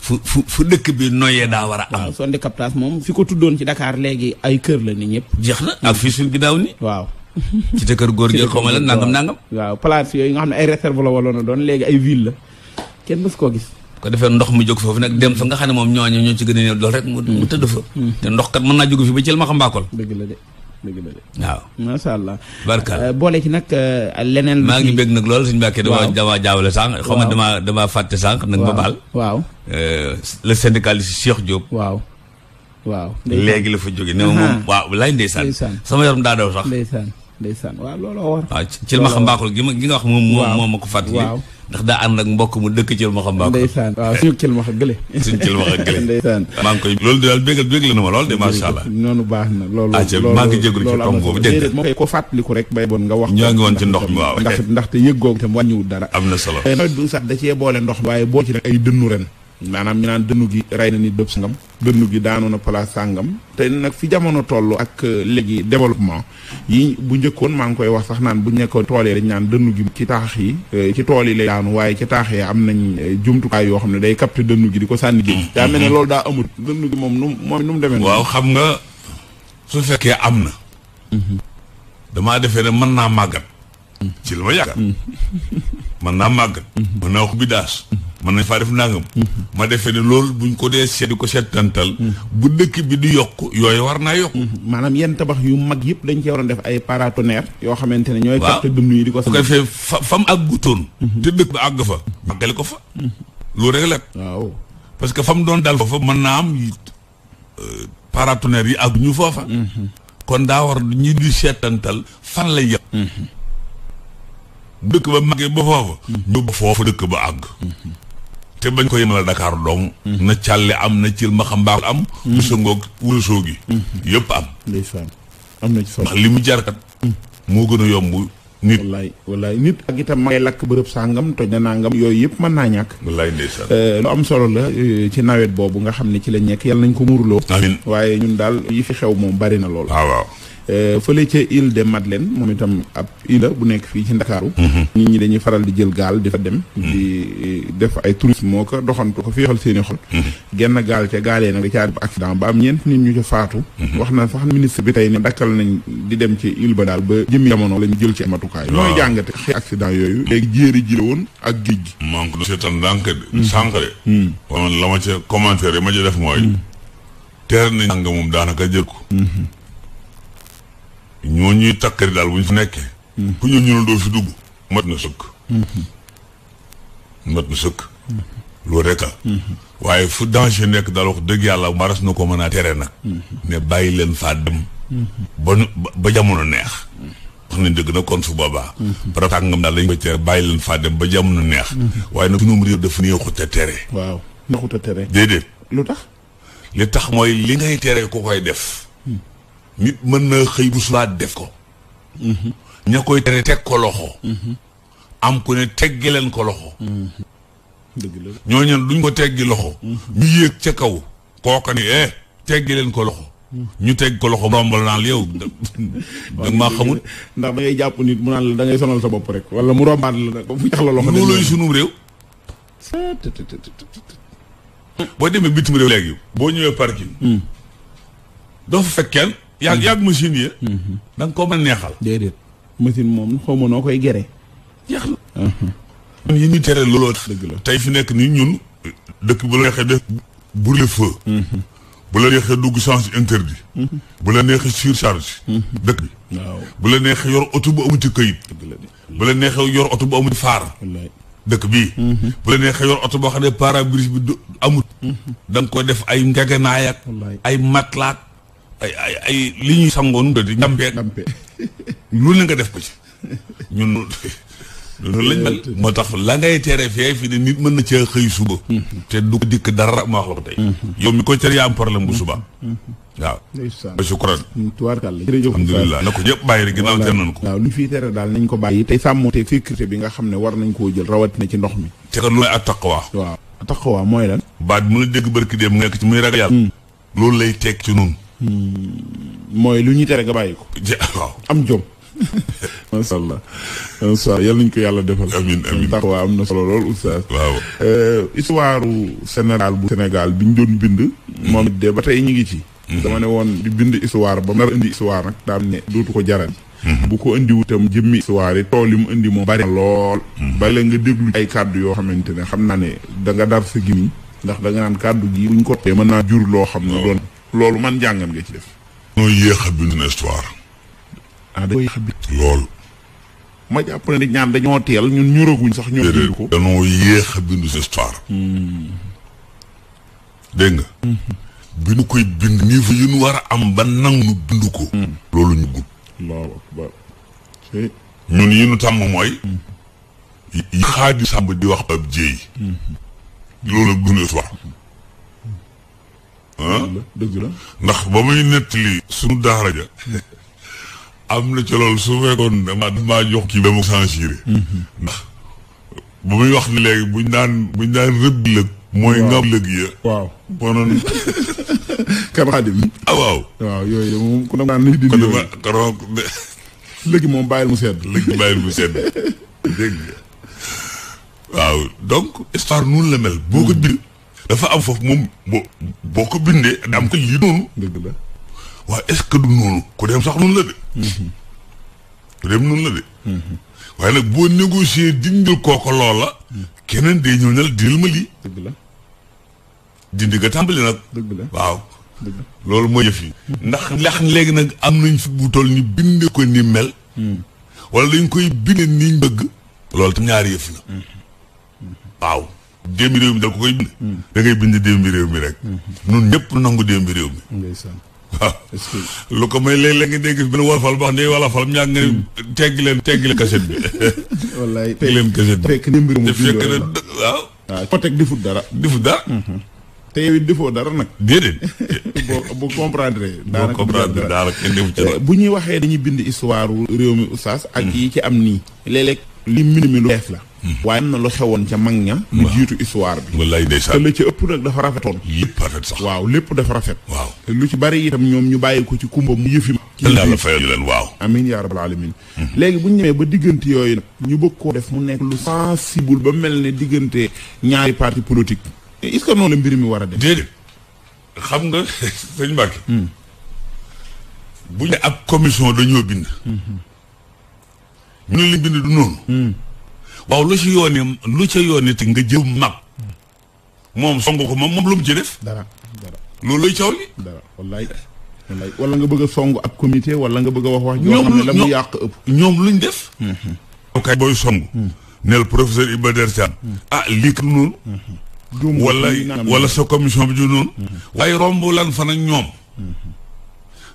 fu fu fu dëkk bi noyee daa war a am. waaw zone de captage moom fi ko tuddoon ci Dakar léegi ay kër la ni ñëpp. jeex na ak fii suñ ginnaaw ni waaw. ci te kër góor gi xaw ma la nangam nangam. waaw place yooyu xam ne ay réserve la waloon doon léegi ay ville la kenn mës koo gis. ko defee ndox mu jóg foofu nag dem fa nga xam ne moom ñooñu ñoo ci gën a néew dool rek mu tëdd fa. Mm. te ndox kat mën naa jóg fi ba jël ma xam mbaakol. waaw macha allah. barka euh, boole ci nag euh, leneen. maa ngi bëgg nag lool suñu mbàkkee. waaw damaa jaawale sànq. xaw ma damaa damaa fàtte sànq. nag ma baal. la euh, le syndicaliste Cheikh Diop. waaw waaw. léegi la fa jóge ne ma moom waaw lay ndeysaan. sama yaram daa daw sax ndeysaan waaw looloo war. waaw mbaaxul gi ma gi nga wax moom. waaw ma ko fàttali. ndax daa ànd ak mbokk mu dëkk Thiel ma xam mbaaxul. ndeysaan waaw suñu Thiel ma xam gële. suñu ma xam gële. ndeysaan maa ngi koy loolu daal lool de macha allah. noonu baax ah, ko rek bay bon nga wax. ñoo ngi woon ci ndox mi waaw. ndax ndaxte yëggoo tam wàññiwul dara. am na solo. Eh, nawet bi sax da cee boole ndox mi waaye boo ci nag ay dënnu ren maanaam ñu naan dënnu gi rey na ni dëb sangam dënnu bi daanu na place sàngam te nag fi jamono toll ak euh, léegi développement yi bu njëkkoon maa ngi koy wax sax naan bu ñu nekkoon tool dañ naan dënnu gi ci taax yi euh, ci tool yi lay daanu waaye ci taax yi am nañ euh, jumtukaay yoo xam ne day capté dënnu gi di ko sànni géej mm-hmm. daa mel ne loolu daa amut dënnu gi moom nu moom nu mu demee waaw xam nga su fekkee am na mm-hmm. damaa defee ne mën naa màggat ci li ma yaakaar. man naa màgg. mën naa ko bi daas. mën na faa def nangam. ma defee ne loolu buñ ko dee seet di ko seetantal. bu dëkk bi du yokk yooyu war naa yokk. maanaam yenn tabax yu mag yëpp dañ cee waroon def ay paratonnerre yoo xamante ne ñooy. waaw capter dund yi di ko. bu ko defee fa fa àgg fa. màggale ko fa. loolu rek la. parce que fa mu doon dal foofa mën naa am euh, paratonnerre yi àgg ñu foofa. Mhm. kon daa war ñu di seetantal fan lay yëpp. dëkk ba màggee ba foofu. ñu ba foofu dëkk ba àgg. te bañ ko yemal Dakar dong. na càlle am na cil ma xam baax am. wusangoog wurusoo gi. yëpp am. ndeysaan am na ci solo ndax li mu jarkat moo gën a yomb nit. wallaay wallaay nit ak itam ma lakk bërëb sàngam toj na nangam yooyu yëpp mën naa ñàkk. wallaay ndeysaan. Euh, lu am solo la euh, ci nawet boobu nga xam ne ci la ñekk yàlla nañ ko muurloo. amiin waaye ñun daal yi fi xew moom bari na lool. Ah, waaw Euh, fële ca île de leen moom itam ab île bu nekk fii ci Ndakaaru mhm. nit ñi dañuy faral di jël gaal di fa dem mhm. di e, def ay tourist moo ko doxantu ko féexal seen i xol mhm. genn gaal ca gaalee nag caa def ba am ñeent nit ñu ca faatu wax na sax ministre bi tey ne dakkal nañ di dem ci île ba daal ba jëmmi jamono lañ jël ci matukaay mooy jàngate xëy accident yooyu léegi jéeri ji la ak géej gi man ko seetaan ndànk de sànq de ma ca commentaire yi ma ca def mooy moom daanaka jël ko ñoo ñuy takkari daal bu ñu fi nekkee mm-hmm. ku ñu ñu doo fi dugg mat na sukk mm-hmm. mat na sëkk mm-hmm. loolu rek waaye fu danger nekk daal wax dëgg yàlla maras na ko mën a tere nag ne bàyyi leen faa dem ba ba jamono neex wax nañ dëgg nag kon su boobaa barab sàngam daal dañ bàyyi leen faa dem ba jamono neex waaye nag sunum réew dafa neexut a tere waaw neexut a déedéet lu tax li tax mooy li ngay tere ku koy def nit mën na xëy bu subaa def ko. ña koy tere teg ko loxo. am ku ne teggi leen ko loxo. ñoo la ñooñu duñ ko teggi loxo. ñu yéeg ca kaw. kooka ni eh leen ko loxo. ñu teg ko loxo rombal naan yow. da maa xamul. ndax da jàpp nit mu naan la da ngay sonal sa bopp rek wala mu rombaat la ba sunu réew. boo demee bitim réew léegi. boo ñëwee parking. Hmm. doo fa fekk yàgg yàgg machine yi. Mhm. da nga ko neexal. déedéet machine moom xaw ma noo koy gere. jeex na. Mhm. yi ñuy tere looloo dëgg la tey fi nekk nii ñun dëkk bu la neexee def brûle-feu. Mhm. bu la neexee dugg sens interdit. bu la neexee surcharge. dëkk bi waaw bu yor oto bu amul ci këyit. bu la neexee yor oto bu amul faar. dëkk bii. bu la neexee yor oto boo xam ne pare-brise bi amut. da nga koy def ay ngegenaay ak ay matlaak. ay ay ay li ñuy sangoon da di ndampe ndampe lu ne nga def ko ci ñun loolu lañ mel moo tax la ngay tere fee fii ne nit mën na cee xëy suba mhm. te du dikk dara ma wax la ko tey mhm. yow mi ko tere yaa am problème bu mhm. suba waaw ba sukran mm, tubaarkàlla jërëjëf alhamdulilah ko ñëpp bàyyi rek ginnaaw tere ko waaw lu fiy daal nañ ko bàyyi tey sàmmoo te sécurité bi nga xam ne war nañ koo jël rawatina ci ndox mi te kat lu may attaqwa waaw waa mooy lan baat mu mën a dégg barki dem mu nekk ci muy ragal yàlla mm. loolu lay teg ci noonu Hmm, mooy lu ñuy tere nga bàyyi ko. am jom. macha allah macha allah yal nañu ko yàlla defal. amiin amiin tax waa am na solo lool oustaz. waaw. Euh, histoire Sénégal bu senegal bi ñu doon bind. Hmm. moom it de ba tey ñu ngi ci. Hmm. dama ne woon di bind histoire ba mu nar indi histoire nag daal ne dootu ko jaral. bu ko indi wutam jëmmi histoire yi tool yi mu indi moom bari lool. bari la nga déglu ay kàddu yoo xamante ne xam naa ne da nga dar sa gimi ndax da naan kàddu gi buñ ko tee mën naa jur loo xam ne oh. doon. loolu man njàngam nga ci def. yéex a bind une histoire. ah dañoo yéex lool. ma jàpp ne ñaan dañoo teel ñun ñoraguñ sax ñoo bind ko dañoo yéex a bind histoire. Hmm. dégg nga. Hmm. bi nu koy bind niveau yu nu war a am ba nangu nu bind ko. Hmm. loolu ñu gudd. ñun yi nu tàmm mooy. yi xaadi sàmb di wax ab jéey. loolu la bind histoire. dëgg la ndax ba muy nettali suñu daara ja am na ci loolu su fekkoon damaa jox kii ba mu censuré mhm. ba muy wax ni léegi buñ daan buñ daan rëbb lëg mooy ngam lëg ya waaw konoon ah, waaw yooyu de moom ku ne daan ni di kono léegi moom bàyyil mu sedd léegi bàyyil mu sedd dégg nga waaw donc histoire noonu la mel boo ko bir dafa am foofu moom boo boo ko bindee dam ko lii noonu. waaw est-ce que du noonu. ku dem sax noonu la de. Mm-hmm. ku dem noonu la de. Mm-hmm. waaye nag boo négocier dindil kooku loola. Mm. keneen day ñu ne la dindil ma lii. dëgg la dindi nga tàmbali nag. dëgg la waaw. loolu mooy yëf yi. ndax ndax léegi nag am nañ fi bu toll ni bind ko ni mel. Mm. wala dañ koy bind niñ bëgg. loolu tam ñaari yëf la. Mm-hmm. waaw. démb réew mi da ko koy bind. Hmm. da ngay bind démb réew mi rek. Hmm. nun ñëpp nangu démb réew mi. ndeysaan waaw. lu ko may léeg la nga dégg benn wolofal boo xam ne wolofal ñaar nga ne hmm. teggi leen teggi leen kaset bi. wallaay teggi leen kaset bi fekk démb réew fekk na ah, dara. defut dara. te yow it dara nag. déedéet. boo boo comprendre. daanaka boo comprendre daanaka kenn defu ci eh, bu ñuy waxee dañuy bind histoire réew mi oustaz. ak yi ci am nii léeg li minimi lu bees la mm-hmm. waaye am na lu xewoon ca mag ña lu jiitu histoire bi wallaay ndeysaan te la ci ëpp nag dafa rafetoon lépp rafet sax waaw lépp dafa rafet waaw lu ci bari itam ñoom ñu bàyyi ko ci kumba mu yëfi ma yàlla fayal leen waaw amin yaa rabbal alamin mm-hmm. léegi buñ ñu ñemee ba diggante yooyu nag ñu bëgg koo def mu nekk lu sensible ba mel ne diggante ñaari parti politique est-ce que noonu la mbir mi war a def déedéet xam nga sëñ Mbacke hmm. bu ñu ab commission ñu ne li bind du noonu. Hmm. waaw lu ci yooni lu ca yooni te nga jël mag. moom song ko moom moom lu mu ci def. dara dara loolu lay caw li. wala nga bëgg a song ab comité wala nga bëgg a wax wax. ñoom ñoo yàq ëpp. ñoom luñ def. Hmm. kay booy song. Hmm. nel professeur Iba Der Thiam. ah lii kat noonu. wala wala sa commission bi du noonu. waaye romb lan fan ak ñoom.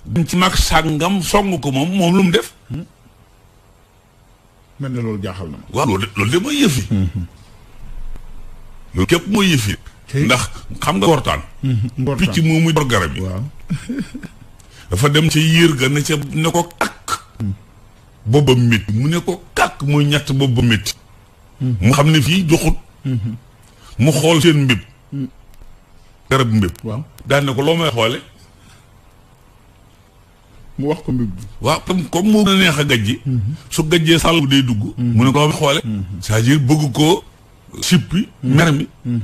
dañ ci mag sàngam song ko moom moom lu mu def. mel na loolu jaaxal na ma. waaw loolu de loolu mooy yëf mhm. loolu képp mooy yëf ndax xam nga ngortaan. ngortaan mhm. picc muy jor garab yi. dafa dem ca yéer gan ne ca ne ko kàkk. Mhm. boobam métti mu ne ko kàkk muy ñett boobam métti. mu xam ne fii doxut. mu xool seen mbib. garab mbib. waaw ko loo may xoole mu wax ko mbir mi. waaw comme moo gën a neex a gajji. su gajjee sàll bu day dugg. Mm-hmm. mu ne ko xoole. c'est-à-dire bëgg koo sippi mm-hmm. mer mi. Mm-hmm.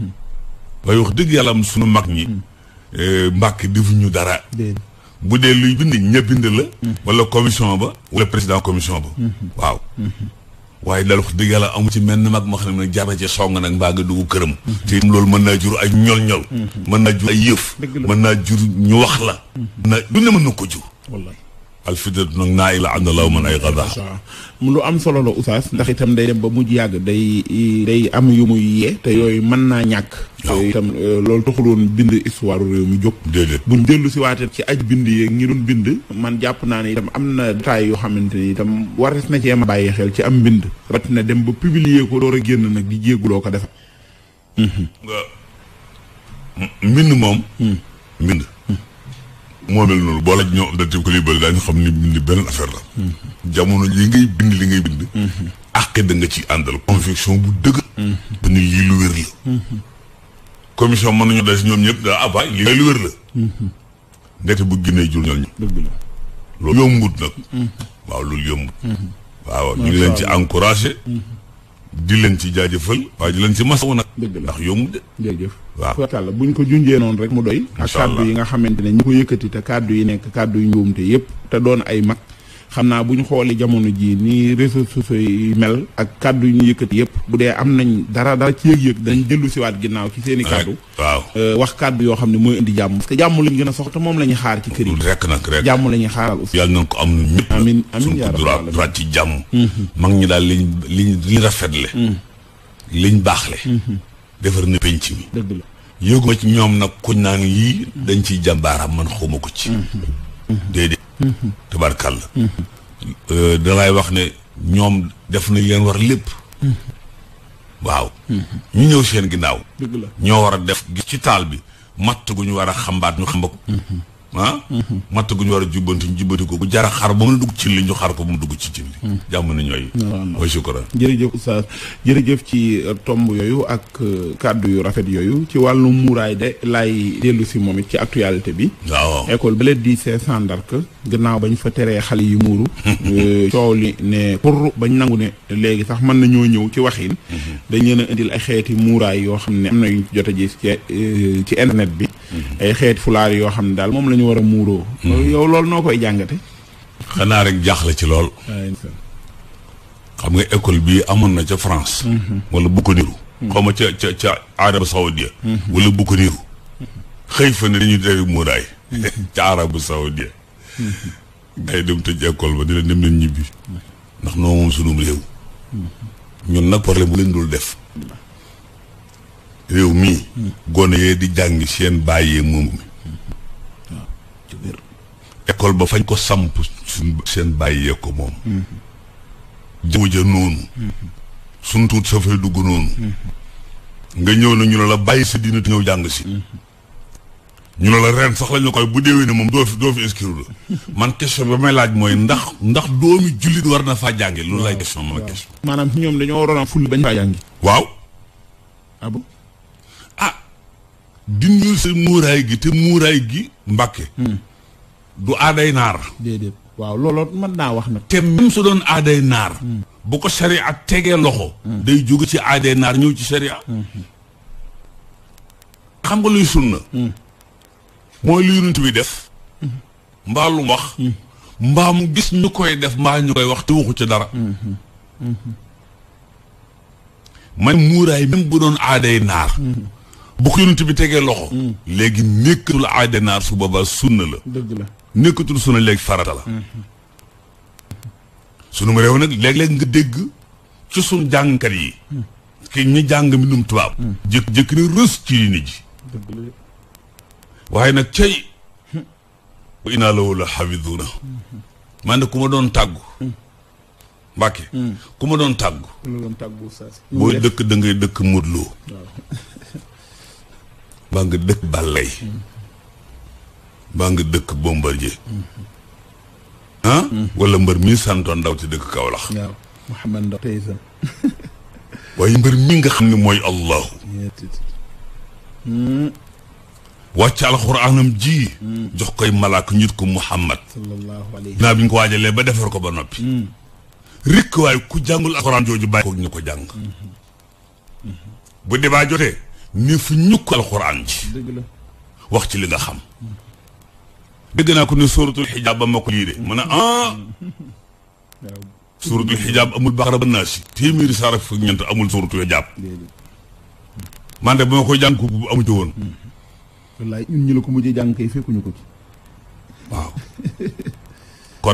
waaye wax dëgg yàlla am sunu mag ñi. Eh, mbàkk defuñu dara. bu dee luy bind ña bind la. wala commission ba wala président commission ba. waaw. waaye daal wax dëgg yàlla amu ci menn mag moo xam ne jàppe ci song nag mbaa nga dugg këram. te loolu mën naa jur ay ñol-ñol. mën naa jur ay yëf. mën naa jur ñu wax la. mën du ne mën na ko jur. wallaay alfidatu nag naa ila ànd law man ay mu lu am solo la oustaz ndax itam day dem ba mujj yàgg day day am yu muy yee te yooyu man naa ñàkk te itam euh, loolu taxuloon bind histoire réew mu jóg déedéet buñ dellu si waate ci aj bind yeeg ñi doon bind man jàpp naa ne itam am na détails yoo xamante ni itam wares na cee a bàyyi xel ci am bind rat na dem ba publier door a génn nag di jéeguloo ko defar mbind moom hmm. mbind moo mel noonu boo laaj ñoo datim ko liy bëri daañu xam ni bind beneen la mm-hmm. jamono li ngay bind li ngay bind mm-hmm. àqi da nga ci àndal conviction bu dëgg mm-hmm. ba ni lu wér la commission mën nañu dal si ñoom ñëpp daa abay lii lu wér la ah, ndekte bu génnee jur ñal ñi loolu yombut nag waaw loolu yombut waaw ñu leen ci encouragé di leen ci jaajëfal waaye di leen ci masawu nag. dëgg la ndax yomb de. waa waaw fatàlla buñ ko junjee noonu rek mu doy. ak kàddu yi nga xamante ne ñu ko yëkkati te kàddu yi nekk kàddu yu te yëpp te doon ay mag. xam naa bu ñu xoolee jamono ji ni réseaux sociaux yi mel ak kàddu yu ñu yëkkati yëpp bu dee am nañ dara dara ci yëg-yëg dañ dellu siwaat ginnaaw ci seeni i kàddu waaw euh, wax kàddu yoo xam ne mooy indi jàmm parce que jàmm lañ gën a moom la ñuy xaar ci kër yi rek nag rek jàmm la ñuy xaaral aussi yàlla na ko am ñun ñëpp amiin ci jàmm mm-hmm. mag ñi daal liñ liñ liñ rafetle mm-hmm. liñ baaxle mm-hmm. defar na penc la yëguma ci ñoom nag kuñ naan yii dañ ciy jàmbaaram man xawma ko ci de déedéet. la euh, damay wax ne ñoom def na leen war lépp. waaw. ñu ñëw seen ginnaaw. la ñoo war a def ci taal bi matt gu ñu war a xambaat ñu xam ko. ah mm-hmm. matt gu ñu war a jubbanti ñu jubbanti ko bu jara xar ba mu dugg ci li ñu xar ko ba mu dugg ci cin li mm. jàmm na ñooy way sukura jërëjëf oustaz jërëjëf ci euh, tomb yooyu ak euh, kàddu yu rafet yooyu ci wàllu muuraay de laay dellu si moom it ci actualité bi waaw école ba leen di see Sandark gannaaw bañ fa teree xale yu muuru euh, coow li ne pour bañ nangu ne léegi sax mën na ñëw ci waxin mm-hmm. dañ leen indil ay xeeti muuraay yoo xam ne am na yu jot a gis ci ci internet bi ay xeet fulaar yoo xam ne daal moom lañu war a muuroo. Mm-hmm. yow loolu noo koy jàngate xanaa rek jaaxle ci lool. xam nga école bii amoon na ca France. Mm-hmm. wala bu ko mm-hmm. ma ca ca ca Arab Saoudia. wala bu ko niru. xëy fa ne dañuy def muuraay. ca Arab Saoudia. day dem tëj école ba di dem leen ñibbi. ndax noo moom sunum réew. ñun nag problème bu leen dul def. réew mii gone yee di jàng seen bàyyee moomu mi waaw ba fañ ko samp suñ seen bàyyee ko moom jaww ja noonu suñ tuut sa fay dugg noonu nga ñëw na ñu ne la bàyyi si diina te ñëw jàng si ñu ne la ren sax la ñu koy bu déwénee moom doo fi doo fi inscrire man question bi may laaj mooy ndax ndax doomi jullit war na faa jànge loolu lay question ma question maanaam ñoom dañoo waroon a ful bañ faa jàngi waaw ah dindil sa muuraay gi te muuraay gi mbàkke hmm. du aaday naar déedéet waaw looloo mën naa wax nag te même su doon aaday naar hmm. bu ko sariya tegee loxo hmm. day jóge ci aaday naar ñëw ci sariya xam nga luy sunna mooy lu yonent bi def mbaa lu wax mbaa mu gis ñu koy def mbaa ñu koy wax te waxu ci dara man muuraay même bu doon aaday naar bu ko yonent bi tegee loxo. léegi nekkatul aada su boobaa sunna la. dëgg la nekkatul sunna léegi farata la. sunu nag léeg nga dégg ci sunu jàngkat yi. ki ñi jàng mbindum tubaab. jékki-jékki ne rës ci diine ji. waaye nag cay. wa inaa lahu la xaafiduna. maa ne ku ma doon tàggu. Mbàkke. Hmm. ku ma doon tàggu. ku tàggu saa si. booy dëkk da dëkk Modou Lo. mbaa nga dëkk Ballay mbaa nga dëkk Bombardier ah wala mbër mii santoon ndaw ci dëkk Kaolack waaw Mouhamad Ndaw waaye mbër mi nga xam ni mooy allahu hmm. wàcc alxuraanam ji jox koy malaak ñit ko Muhammad naa bi ñu ko waajalee ba defar ko ba noppi hmm. rikk waaye ku jàngul alxuraan jooju bàyyi ko ñu ko jàng hmm. bu débat ne fu ko alxuraan ji wax ci li nga xam dégg naa ko ne suratul xijaab ba ma ko lii de mën a ah suratul xijaab amul baqara ba naa si téeméeri saara fukk ñeent amul suratul amu ci woon hmm. ko mujjee jàng kay fekkuñu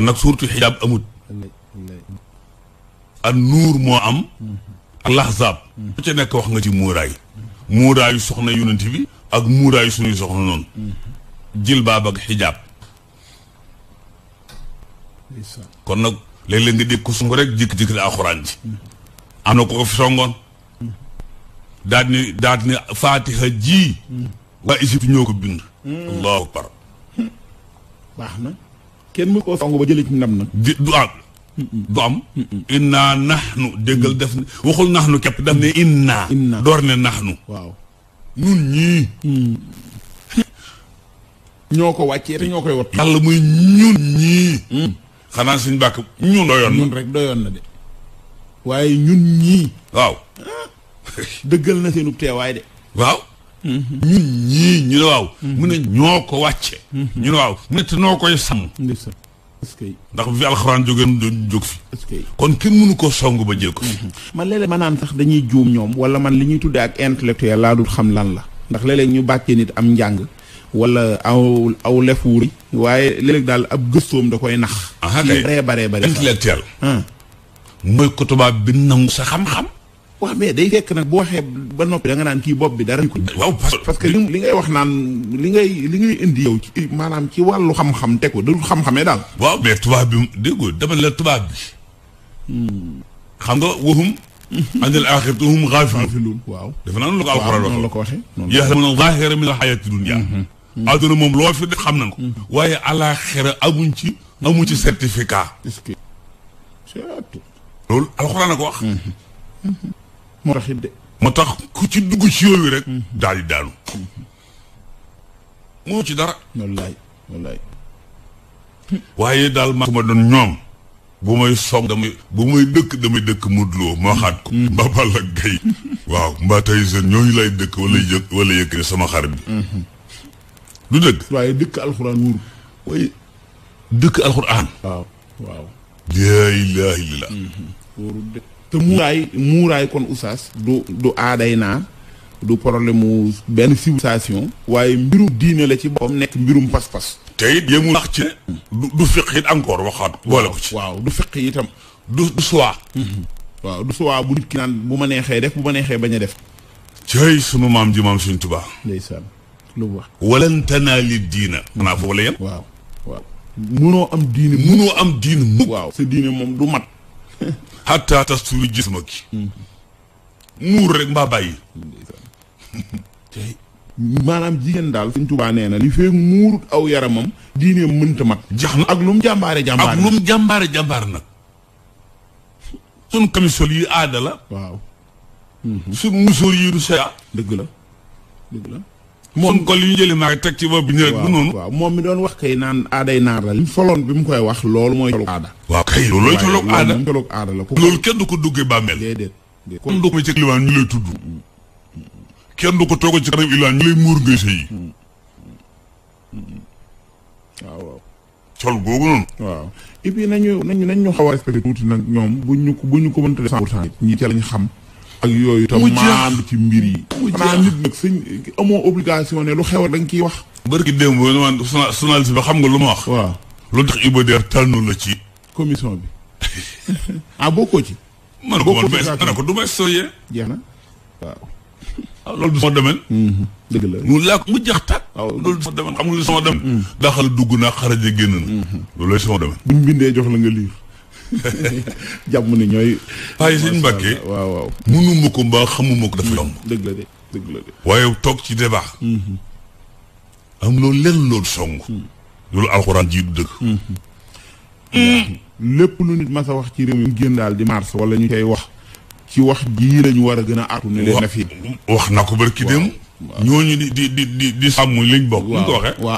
nag suratul xijaab amut an nuur moo am hmm. ak laxzaab ku hmm. ca nekk wax nga ci muuraay muuraayu soxna yonent bi ak muuraayu suñuy soxna noonu jilbaab ak xijaab kon nag léeg-léeg nga dégg ko sungu rek jikk-jikk di alxuraan ji am na ko fi songoon daat ni daat ni faatiha ji waa Égypte ñoo ko bind baax na kenn mu ko songu ba jëlee ci ndam nag du am ah, du am. inna naxnu déggal def waxul naxnu képp daf ne inna. inna door ne nax nu nun ñii. ñoo ko wàccee te ñoo koy wat. muy ñun ñii. Hmm. xanaa suñ bàkk ñun doyoon na na de. waaye ñun ñii. na seenub teewaay waaw. Hmm. ñun ñii ñu ne waaw. Hmm. mu ne ñoo ko wàcce. ñu ne waaw mu ne te noo koy sàmm. ndax bu fi alxuraan jógeen du jóg fi kon kenn mënu ko song ba jël fi mhm. man léeg ma naan sax dañuy juum ñoom wala man li ñuy tuddee ak intellectuel laa dul xam lan la ndax léeg-léeg ñu bàccee nit am njàng wala aw aw lef wuri waaye léeg-léeg daal ab gëstoom da koy nax baree baree bare intellectuel mooy ko tubaab bi nangu sa xam-xam waaw mais day fekk nag boo waxee ba noppi da nga naan kii bopp bi dara. ko waaw parce que li ngay wax naan li ngay li ngay indi yow ci maanaam ci wàllu xam-xam te ko du xam-xamee daal. waaw mais tubaab bi dégg dama la tubaab bi. xam nga waxum. anil axirati hum gaafiluun. waaw defe naa noonu la ko waxee. noonu la ko waxee ya'lamuuna na mina l-hayaati dunya. Mhm. Mhm. adduna moom lool fi de xam nañ ko. Mhm. waaye alaaxira amuñ ci. amuñ ci certificat. est-ce que. loolu alxuraan a ko wax. moo tax de. moo tax ku ci dugg ci yooyu rek. daal di daanu. moo ci dara. wallaay wallaay. waaye daal ma ma doon ñoom. bu may song damay bu may dëkk damay dëkk mudloo ma xaat ko. Mm. mbaa Balla Gaye waaw mbaa Tyson ñooñu lay dëkk wala yë wala yëkkati sama xar bi. Mm-hmm. du dëgg. waaye dëkk alxuraan wóorul. dëkk alxuraan. waaw waaw. la te muuraay muuraay kon oustaz du du aaday naa du problème mu benn civilisation waaye mbirum diine la ci boppam nekk mbirum pas-pas te it yëmul wax ci ne encore waxaat boole ko ci waaw du fiq waaw du bu nit bu ma neexee def bu ma neexee bañ def cëy sunu maam ji maam suñ tubaa ndeysaan lu wax walantanaa li diina xanaa foofu la yem waaw munoo am diine munoo am diine mukk waaw sa diine moom du mat xatta tas suulu gis ma ki muur rek mbaa bàyyi maanaam jigéen daal sëñ Tuubaa nee na li fee muurut aw yaramam diineem mënta mat jax na ak lu mu jàmbaare ak jàmbaar nag sun camisole yi aadala la waaw su musóor yi du seya dëgg la dëgg la moom ko li ñu jëli naar teg ci bopp bi ñëw bu noonu waaw moom mi doon wax kay naan aaday naar la li soloon bi mu koy wax loolu mooy colog aada waaw kay loolu looy colog aada la ko loolu kenn du ko duggee bàmmeel déedéet kenn du ko ci liwaan ñu lay du ko toog ci kanam ilaan ñu lay muur ngay sëyi waaw waaw sol googu noonu waaw et nañu nañu nañ ñu xaw a tuuti nag ñoom bu ñu ko bu ñu ko mënta def cent pour cent ñi ci lañ xam ak yooyu tam maandu ci mbir yi. xanaa nit nag sëñ amoo obligation ne lu xew wax nga ciy wax. barki démb man journaliste bi xam nga lu ma wax. waaw lu tax Iba Der tànnu la ci. bi ah bokkoo ci. man ko man ma ko du ma soriye. jeex na waaw. Ah, loolu du sama domaine. Mm-hmm. dëgg la mu laa ko mu jax tàkk. waaw loolu du sama domaine xam nga mm-hmm. dugg naa xaraje génn na. Mm-hmm. loolu lay sama domaine. buñ bindee jox la nga liir. jàmm ni ñooy. waaye sëñ Mbacke. waaw waaw mënuma ko mbaa xamuma ko dafa yomb. Mm-hmm. dëgg la de dëgg waaye toog ci débat. Mm-hmm. am loolu lenn loolu song. Mm-hmm. loolu alxuraan ji du dëgg. lépp lu nit mas wax ci réew mi génn daal di mars wala ñu koy wax. ci wax jii lañu war a gën a artu ne leen na fi. wax na ko barki dem. ñooñu di di di di sàmm liñ bokk.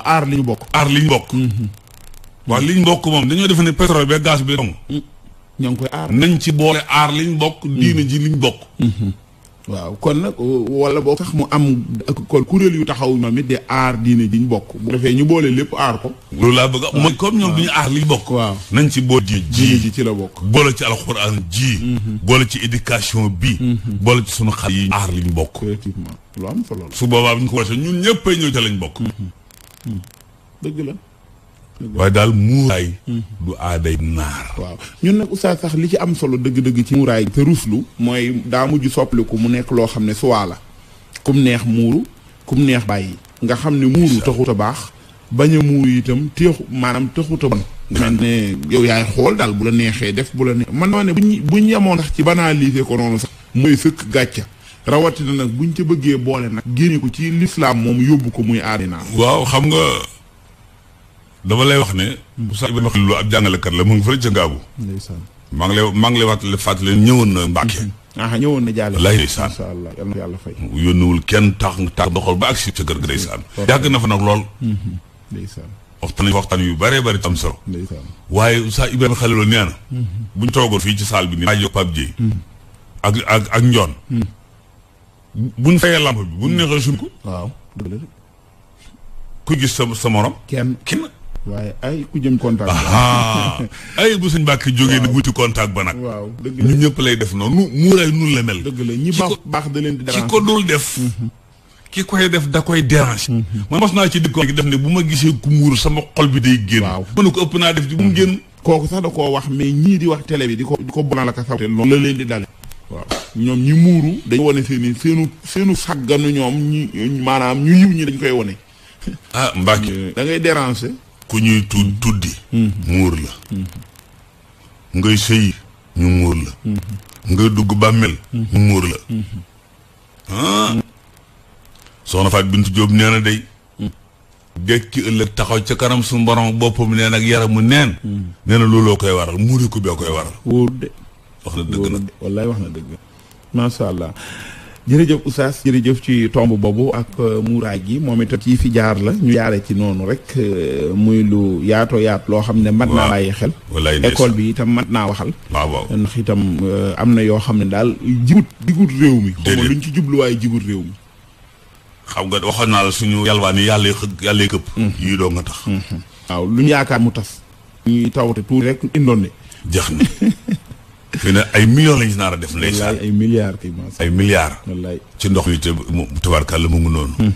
aar liñ bokk. aar liñ bokk. waaw liñ bokk moom dañoo defe ne pétrole be gaz bi dong. ñoo ngi koy aar nañ ci boole aar liñ bokk. diine ji liñ bokk. Mhm. waaw kon nag uh, wala boo tax mu am kon kuréel yu taxaw ñoom it di aar diine ji ñu bokk bu defee ñu boole lépp aar ko. loolu laa bëgg a mooy comme ñoom duñu aar liñ bokk. waaw nañ ci boole ji diine ci la bokk. boole ci alxuraan ji. Mhm. boole ci éducation bi. Mhm. boole ci sunu xar yi aar liñ bokk. effectivement su boobaa bu ñu ko waxee ñun ñëppay ñëw ca lañ bokk. dëgg la. waaye daal muuraay du aaday naar waaw ñun nag oustaz sax li ci am solo dëgg-dëgg ci muuraay te ruslu mooy daa mujj soppaliku mu nekk loo xam ne suwaa la kum neex muuru kum neex bàyyi nga xam ne muuru taxut a baax bañ a muuru itam teexu maanaam taxut a yow yaay xool daal bu la neexee def bu la neex man naa ne buñ buñ yemoon sax ci banaliser ko noonu sax mooy sëkk gàcca rawatina nag buñ ci bëggee boole nag génne ko ci lislaam moom yóbbu ko muy aadinaam waaw xam nga dama lay wax ne. Moussa Ibrahima Khalil ab la mu ngi fële ca Ngaabu. ndeysaan maa ngi lay maa ngi lay wax fàttali ñëwoon na Mbacke. Mm-hmm. ah ñëwoon na Jalle. wallaahi ndeysaan incha allah yal na yàlla fay. yónniwul kenn tax ba ak si ca kër ga ndeysaan. Mm-hmm. na fa nag lool. Mm-hmm. ndeysaan. waxtaan nañu waxtaan yu bëree bëri am solo. ndeysaan waaye Moussa Ibrahima Khalil nee na. bu ñu toogoon fii ci salle bi nii. rajo Pape Dieye. ak ak ak Njoon. bu ñu fayee lampe bi bu ñu neexee suñ ko. waaw gis sa sa morom. kenn. waaye ay ku jëm contact. ay bu sëñ Mbàkke jógee nag wuti contact ba nag. waaw dëgg la ñëpp lay def noonu muuraay nun la mel. dëgg la ñi baax baax da leen di. ci ko dul def. Mhm. ki koy def da koy dérange. Mhm. man mos naa ci dëkk yi def ne bu ma gisee ku muur sama xol bi day génn. waaw mën ko ëpp naa def ci bu mu kooku sax da koo wax mais ñii di wax tele bi di ko di ko bonal ak a sawte loolu la leen di dal. waaw ñoom ñi muuru. dañu wane seeni seenu seenu sàgganu ñoom ñi maanaam ñu yiw ñi dañ koy wone ah Mbàkke da ngay déranger. ku ñuy tu mm-hmm. tuddi mm-hmm. muur la mm-hmm. ngay sëyi ñu muur la nga dugg bàmmel ñu muur la ah! soxna Faat Bintu Jóob nee na dég ci ëllëg taxaw ca kanam suñu borom boppam neen ak yaram mu neen nee na looloo koy waral muur ko bee koy waral wuur de wax na dëgg nag wallaay wax na dëgg macha allah jërëjëf Oustaz jërëjëf ci tomb boobu ak euh, muuraay gi moom itam ci fi jaar la ñu jaare ci noonu rek euh, muy lu yaato yaat loo xam ne mat naa bàyyi xel école bi itam mat naa waxal ndax itam euh, am na yoo xam ne daal jigut jigut réew mi xaw ma ci jubluwaay jigut réew mi xam nga waxoon naa la suñu yalwaan yi yàlla yàlla këpp mm-hmm. yii doo nga tax mm-hmm. waaw lu ñu yaakaar mu tas ñuy tawte tuuti rek indoon ne jeex na xëy na ay million lañ si naar a def. ndeysaan ay milliards kii ay milliards. wallaay ci ndox mi te mu tubaarkàlla mu ngi noonu. Hmm.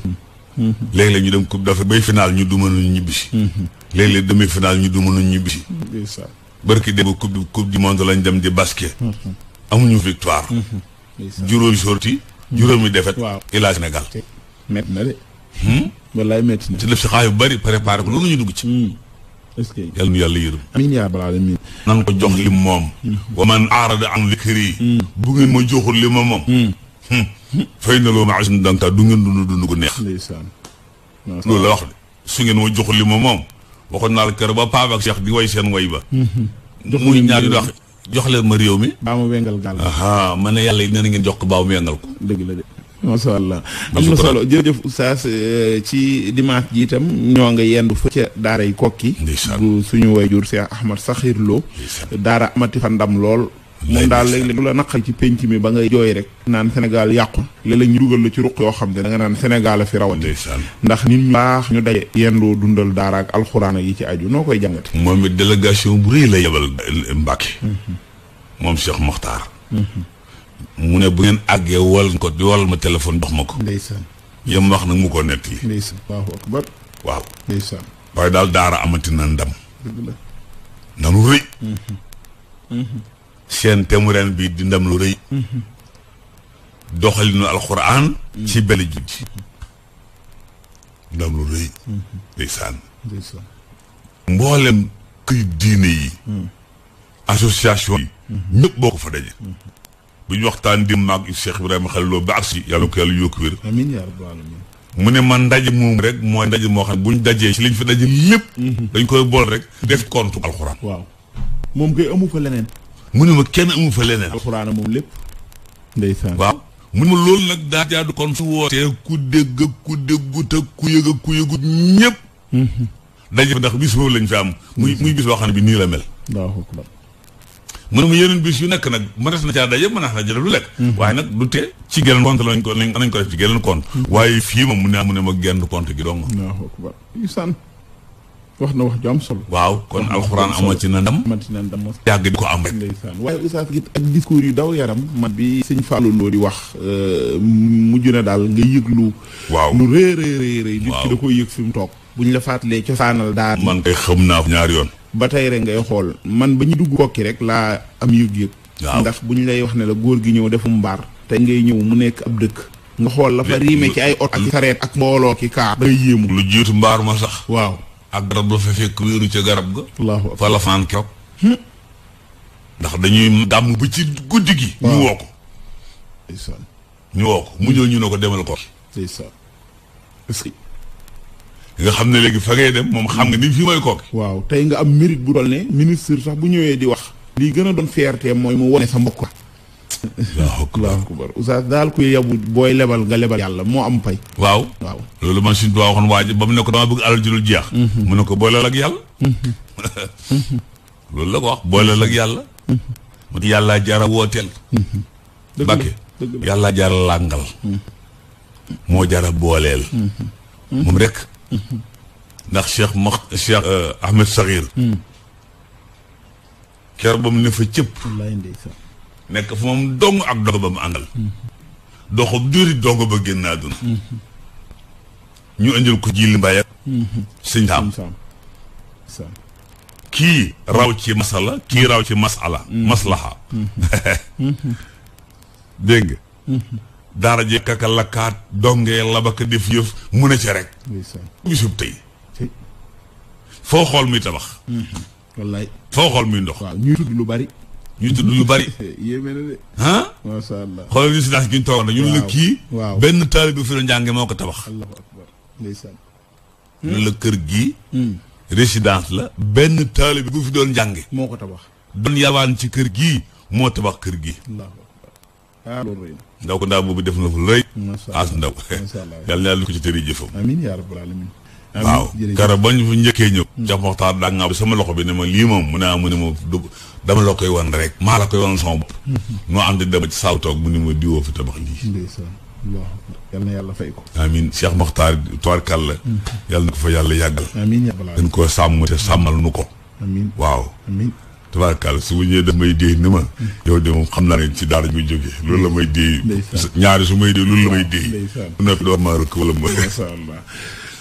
Hmm. léeg-léeg ñu dem coupe dafa bay final ñu du mënuñ ñibbisi. Hmm. léeg-léeg demi final ñu du mënuñ ñibbisi. ndeysaan barki démb coupe coupe du monde lañ dem di basket. amuñu victoire. juróomi sorti juróomi defet. waaw ilaa Sénégal. de. wallaay métti na. ci def si xaay bu bari préparé ko loolu ñu dugg ci. est-ce que yal na yàlla yërëm. amiin yaa balaa amiin. nan ko jox li moom. Mm. wa man aarada an zikri mm. bu ngeen ma joxul li ma moom. Mm. Hmm. fay na loo ma du ngeen dund dund ko neex. ndeysaan. loolu la wax de su ngeen ma joxul li ma moom. waxoon naa la kër ba Pape ak Cheikh di way seen way ba. Mm-hmm. muy ñaar di wax jox leen ma réew mi. baa ma wengal gàll. ma yàlla yi nee na ngeen jox ko baa ma wengal ko. macha allah am na solo jërëjëf oustaz eh, ci dimanche jiitam ñoo ngi yendu fa ca daara yi kokki bu suñu wayjur Cheikh Ahmad Saxir Lo daara amati fa ndam lool moom daal léeg-léeg la naqal ci penc mi ba ngay jooy rek naan Sénégal yàqu léeg-léeg ñu dugal la ci ruq yoo xam ne da nga naan Sénégal a fi rawati ndax nit ñu baax ñu daje yendoo dundal daara ak alxuraan yi ci aju noo koy jàngate moom it délégation bu rëy la yebal Mbàkke mhm. moom Cheikh Mokhtar mhm. mu ne bu ngeen àggee wol ko di wol ma téléphone dox ma ko. ndeysaan. wax nag mu ko nettali. ndeysaan waaw waaye daal daara amatina na ndam. dëgg la. ndam lu rëy. seen temu ren di ndam lu rëy. Mhm. doxalinu alxuraan. Mhm. ci benn ji. Mhm. ndam lu rëy. ndeysaan. këy diine yi. association yi. ñëpp boo ko fa daje. bu ñu waxtaan di mag Cheikh ma Khalil Lo ba si yàlla ko yàlla yokk wér. amiin yaa rabbal aalamiin mu ne man ndaje moom rek mooy ndaje moo xam bu ñu dajee ci liñ fi daje lépp. Mhm. dañ koy bool rek. def compte alxuraan. waaw moom kay amu fa leneen. mu ne ma kenn amu fa leneen. alxuraan moom lépp. ndeysaan waaw. mu ne ma loolu nag daa jaadu kon su wootee ku dégg ak ku déggut ku yëg ak ku yëgut ñëpp. Mhm. daje ndax bis boobu lañ fi am. muy mhm. muy bis boo xam ne bi nii la mel. mu ne ma yeneen bis yu nekk nag mënees na caa daje mënees na jël lu lekk mhm. waaye nag du tee ci geneen compte lañ ko nañ ko def ci geneen compte mhm. waaye fii moom mu ne mu ne ma genn compte gi dong isan wax na wax ju am solo waaw kon alxuraan amati na ndam amati na ndam yàgg di ko am rek ndeysaan waaye oustaz it ak discours yu daw yaram man bi sëñ Fallou Lo di wax euh, mujj na daal nga yëg lu waaw lu rëy rëy rëy nit ki da koy yëg fi mu toog buñ la faatalee cosaanal daal man kay xam naa ñaari yoon ba tey rek ngay xool man ba ñu dugg kokki rek laa am yëg-yëg ndax bu ñu lay wax ne la góor gi ñëw defum mbaar te ngay ñëw mu nekk ab dëkk nga xool la fa riime ci ay oto ak sareet ak mbooloo ki kaa ba ngay yéemu lu jiitu mbaar ma sax waaw ak garab la fa fekk wéeru ca garab ga allahu fa la faan hmm. ndax dañuy dàmm ba ci guddi gi ñu woo ko ñu woo ko mu ñëw ñu ne ko demal ko nga xam ne léegi fa ngay dem moom xam nga ni fii mooy kooki waaw tey nga am mérite bu dool ne ministre sax bu ñëwee di wax lii gën a doon fierté mooy mu wone sa mbokk Allahu akbar oustaz daal yabu booy lebal nga lebal yàlla moo am pay waaw waaw loolu man suñu tubaab waxoon waaj ba mu ne ko dama bëgg alal jurul jeex mhm. mu ne ko booleel ak yàlla mhm. loolu la ko wax booleel ak yàlla mhm. mu ne yàlla jara wooteel bàkke yàlla jara làngal moo jara booleel moom rek ndax cheikh ma cheikh euh, ahmed saxir hmm. ker ba mu ne fa cëpp nekk fa moom dong ak dong ba mu àndal hmm. doxub duri dong ba génn àdduna hmm. ñu indil ko jilli mbay ak sëñ saam kii raw ci masala kii raw ci masala maslaha dégg daara jee kaka lakkaat dongee labaka def yëf mu ne ca rek bisub tey foo xool muy tabax mhm. wallaay foo xool muy ndox waaw ñuy tudd lu bari ñuy tudd lu bari yéeme na de ah macha allah résidence gi ñu toogoon ñun la kii waaw benn taali bi fi doon njànge moo ko tabax allahu akbar ndeysaan ñun la kër gii hmm. résidence la benn taali bi bu fi doon njànge moo ko tabax doon yalwaan ci kër gii moo tabax kër gii ndaw ko ndaa boobu def na fu rëy as ndaw yàlla na yàlla ko ci tëri jëfam amiin yaa rabbal waaw kara bañ njëkkee ñëw Cheikh hmm. Moxtaar daa nga sama loxo bi ne ma lii moom mu ne ah, mu ne ma dama la koy wan rek maa la koy wan sama bopp hmm. noo ànd dama ci saaw toog mu ne ma diwoo fi tabax lii yàlla na yàlla fay ko amiin Cheikh Moxtaar toirkal la hmm. yàlla na ko fa yàlla yàggal amiin gën koo sàmm te sàmmal nu ko waaw tubaarkàlla su ma ñëwee daf may déy ni ma yow de moom xam naa ne ci daara bi jógee loolu la may déy ñaari su may déy loolu la may déy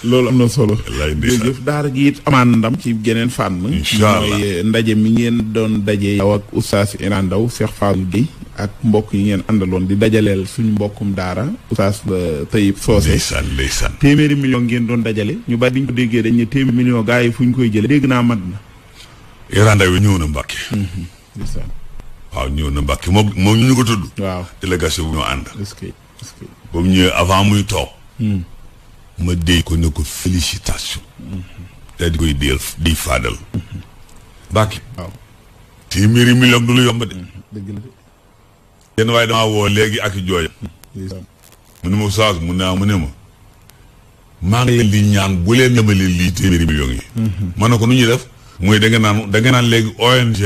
loolu am na solo jërëjëf daara ji it amaan ndam ci geneen ci mooy eh, ndaje mi ngeen doon daje yow ak oustaz Iran Ndao Cheikh Fallou Guèye ak mbokk yi ngeen loon di dajaleel suñu mbokkum daara oustaz eh, Taïb Socé ndeysaan ndeysaan téeméeri million ngeen doon dajale ñu bari bi ñu ko déggee dañ ne téeméeri million gars yi fu ñu koy jële dégg naa mat na Yara Ndaw ñëw na Mbacke. Mhm. waaw ñëw na Mbacke moom moom ñu ko tudd. waaw délégation bu ñu ànd. est-ce que est-ce que. ba mu ñëwee avant muy toog. Hmm. ma déy ko ne ko félicitation. Hmm. daal di koy déel di faadal. Hmm. Mbacke. waaw téeméeri million du lu yomb de. dëgg la de. yéen waaye damaa woo léegi ak jooy. mu ne ma saas mu ne mu ne ma. maa ngi leen di ñaan bu leen yemale lii téeméeri million yi. ma ne ko nu ñuy def. mooy da nga naan da naan léegi ONG.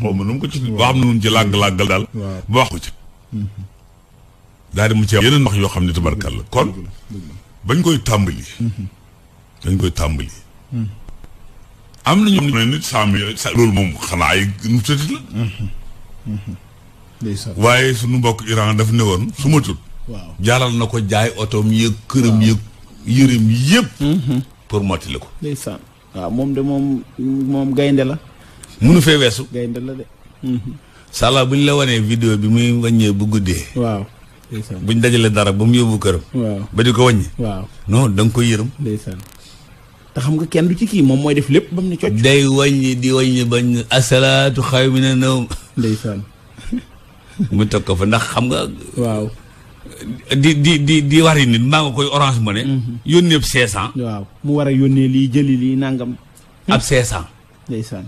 xaw ma ko ci. waaw na nu ci làgg-làggal daal. waaw ba waxu ci. daal di mu ci yeneen wax yoo xam ne tabarkàlla kon. bañ koy tàmbali. dañ koy tàmbali. am na ñoom nit saa loolu moom xanaa ay nu tëdd la. waaye suñu mbokk Iran daf ne woon su ma tudd. waaw na ko jaay otoom yëg këram yëg yërëm yëpp. Mhm. pour mottali ko. waaw moom de moom moom gaynde la. munu fee weesu. gaynde la de. Mhm. sala bu ñu la wanee vidéo bi muy wàññee bu guddee. waaw. bu dajalee dara ba mu yóbbu këram. waaw ba di ko wàññi. waaw non da nga koy yërëm. ndeysaan te xam nga kenn du ci kii moom mooy def lépp ba mu ne cocc. day wàññi di wàññi bañ asalaatu xayma ne nawm. ndeysaan. mu teg ko fa ndax xam nga. waaw. di di di di wari nit mbaa nga koy orange money. Mhm. yónnee ab 500. waaw mu war a yónnee lii jëli lii nangam. ab 500. ndeysaan.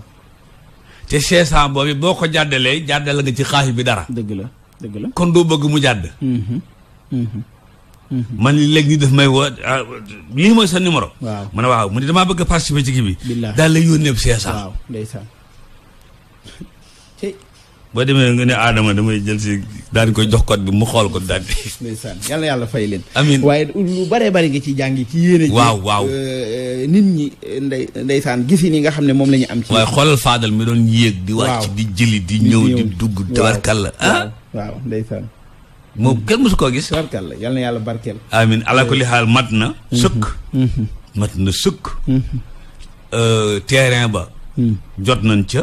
te 500 boobu boo ko jàddalee jàddal nga ci xaaj bi dara. dëgg la dëgg la kon doo bëgg mu jàdd. Mhm, mhm, man léegi ñu def may woo ah, lii mooy sa numéro. waaw ma ne waaw mu ne damaa bëgg a participer ci kii bi. daal la yónnee ab 500. boo demee nga ne aadama damay jël si daal di koy jox code bi mu xool ko daal di. ndeysaan yàlla yàlla fay leen. amiin waaye lu baree bari ngi ci jàngi ci yéene. waaw waaw euh, euh, nit ñi ndey ndeysaan gis ni nga xam ne moom la am. ci waaye xoolal faadal mi doon yéeg. di wàcc di jëli di ñëw di dugg. tabarkalla ah waaw ndeysaan. moom koo gis. tabarkalla yal yàlla barkeel. amiin ala kulli xaal mm-hmm. mm-hmm. mat na. sëkk. mat na sëkk. terrain ba. jot nañ ca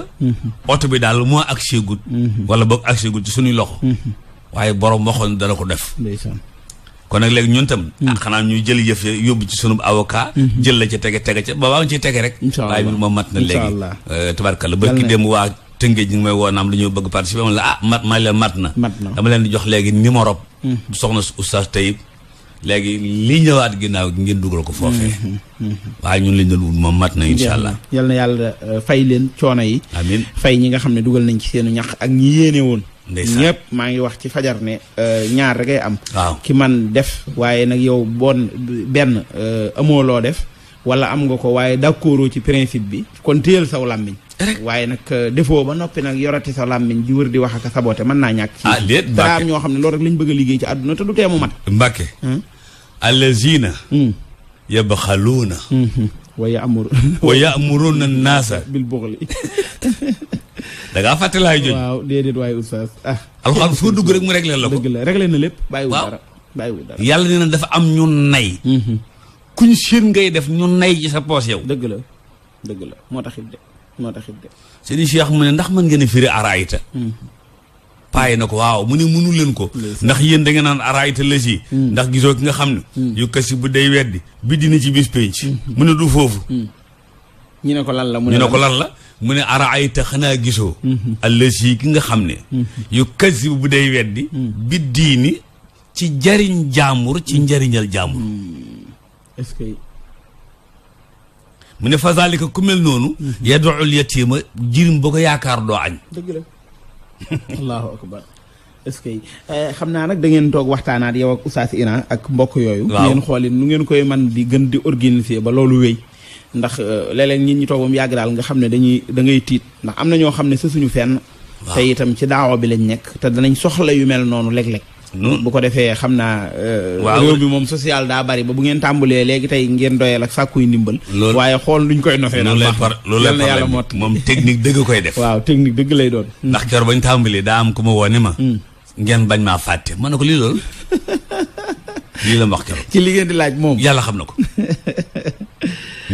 oto bi daal moo ak seegut wala boog ak seegut ci suñuy loxo waaye borom waxoon dana ko def kon nag léegi ñun tam hmm. ah, xanaa ñu jël yëf yóbbu ci sunu avocat hmm. jël la ca tege tege ca ba waa ngi tege rek waaye mbir moom mat na léegi eh, tabarkalla bërki dem waa tëngee ñu ngi may woo naam dañoo bëgg participer ma la ah mat maa leen mat na dama leen di jox léegi numéro hmm. soxna oustaz Tayib léegi li ñëwaat ginnaaw ngeen dugal ko foofee mm-hmm. mm-hmm. waaye ñun lañ doon wut moom mat na incha allah yal yàlla euh, fay leen coono yi fay ñi nga xam ne dugal nañ ci seenu ñax ak ñi yéene woon ndeysaan ñëpp maa ngi wax ci fajar ne euh, ñaar rek ay am waaw ki man def waaye nag yow bon benn euh, amoo loo def wala am nga ko waaye d'accord ci principe bi kon téyal saw làmmiñ waaye nag defoo ba noppi nag yorati sa làmmiñ ji wër di wax ak saboté mën naa ñàkk ci ah déet am ñoo xam ne loolu rek bëgg liggéey ci àdduna te du teemu mat Mbàkke hmm? allazina yabxaluuna wa yamuru wa yamuruna naasa bil buxli da ngaa fàtte laay jooju waaw déedéet foo dugg rek mu réglé la ko dëgg la réglé na lépp bàyyiwul dara bàyyiwul yàlla nee na dafa am ñu nay mhm. kuñ seen ngay def ñu nay ci sa poos yow dëgg la dëgg la moo taxit de moo taxit de seen cheikh mu ne ndax mën ngeen firi araayita mhm. paay na ko waaw mu ne mënu leen ko ndax yéen da ngeen naan araayta lës yi hmm. ndax gisoo ki nga xam ne hmm. yu kasi bu day weddi bi dina ci bis pénc hmm. mu ne du foofu ñu ne ko lan la mu ne ko lan la mu ne araayta xanaa gisoo allës ki nga xam ne yu kasi bu day weddi bi diini ci njariñ jaamur ci njariñal jaamur ce que mu ne fazalika ku mel noonu yadul yatima jirim ba ko yaakaar doo añ allahu akbar est-ce que eh, xam naa nag da ngeen toog waxtaanaat yow ak Oustaz Iran ak mbokk yooyu ngeen xoolin nu ngeen koy man di gën di organiser ba loolu wéy ndax eh, léeg-léeg nit ñi toog yàgg daal nga xam ne dañuy da ngay tiit ndax am na ñoo xam ne sa suñu fenn te itam ci daawa bi lañ nekk te danañ soxla yu mel noonu léeg-léeg bu ko defee xam naa. Euh, waaw réew bi moom social daa bari ba bu ngeen tàmbalee léegi tey ngeen doyal ak sàkkuy ndimbal. waaye xool luñ koy nofee. daal baax na na yàlla mot moom technique dëgg koy def. waaw technique dëgg lay doon. ndax keroog bañ tàmbalee daa am ku ma woo ma. Hmm. ngeen bañ maa fàtte mën ne ko lii loolu. lii la ma wax ci li di laaj moom. yàlla xam na ko.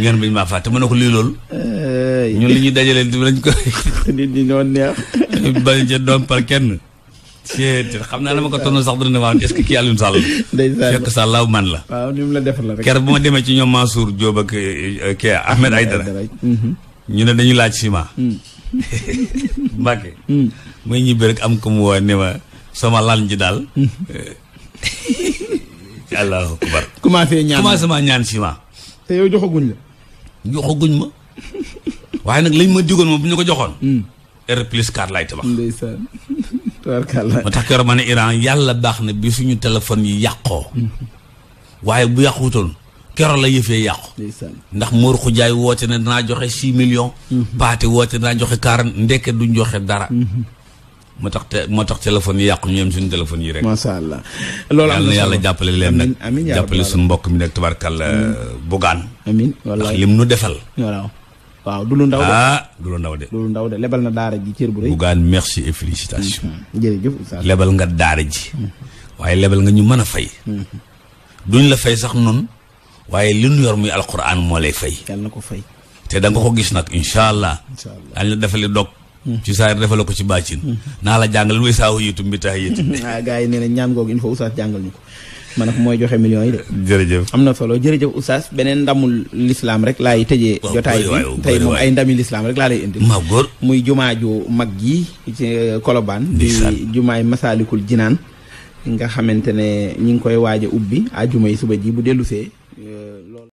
ngeen bañ maa fàtte ma ne ko lii loolu. ñun li ñuy dajalee lañ ko. nit ñi ñoo neex. bañ ca doom par kenn. te xam naa dama ko tonn sax dina waaw est-ce que kii la. fekk sa law man la. waaw la def la rek. bu ma demee ci ñoom Mansour Diop ak eh, kii ah, Ahmed Aïdara. Mhm. ñu ne dañu laaj ciment. Hmm. Mbacke. Hmm. may ñibbi rek am ko mu sama laal ji daal. Hmm. Eh, allahu akbar. commencé ñaan commencé maa ñaan te yow joxaguñ la. joxaguñ ma. waaye nag lañ ma digoon ma bu ñu ko joxoon. R plus 4 laay tabax. moo tax keroog ma ne Iran yàlla baax na bi suñu téléphone yi yàqoo waaye bu yàqutoon keroog la yëfee yàqu ndax Mor Xujaay woote na danaa joxe six millions mm-hmm. paate woote danaa joxe quarante ndeke duñ joxe dara mm-hmm. moo tax te moo tax téléphone yi yàqu ñu yem suñu téléphone yi rek macha allah am yàlla jàppale leen nag jàppale suñu mbokk mi nekk tubaarkàlla mm-hmm. bugaan amiin wallaay ndax lim nu defal waaw du lu ndaw de ah, ndaw de. ndaw de lebal na daara ji cër bu rëy. Bougane merci et félicitations. Mm-hmm. jërëjëf Oustaz lebal nga daara ji. Mm-hmm. waaye lebal nga ñu mën a fay. Mm-hmm. duñ la fay sax noonu. waaye li ñu yor muy alquran moo lay fay. yàlla na ko fay. te da nga ko gis nag incha allah. incha allah daañu la dog. ci saa yër defal ko ci bàccin. naa la jàngal lu muy saahu yitum bi tax yitum. Ah, yi nee na ñaan googu il faut Oustaz jàngal ñu ko. man ak mooy joxe millions yi de. jërëjëf am na solo jërëjëf oustaz beneen ndamul lislam rek laay tëjee. jotaay bi tey moom ay ndami lislaam rek laa lay indi. ma góor muy jumaa ju mag ji ci Kolobaan. Eh, di jumaay Masaalikul Jinaan nga xamante ne ñi ngi koy waaj a ubbi àjjuma yi suba ji bu dellusee eh,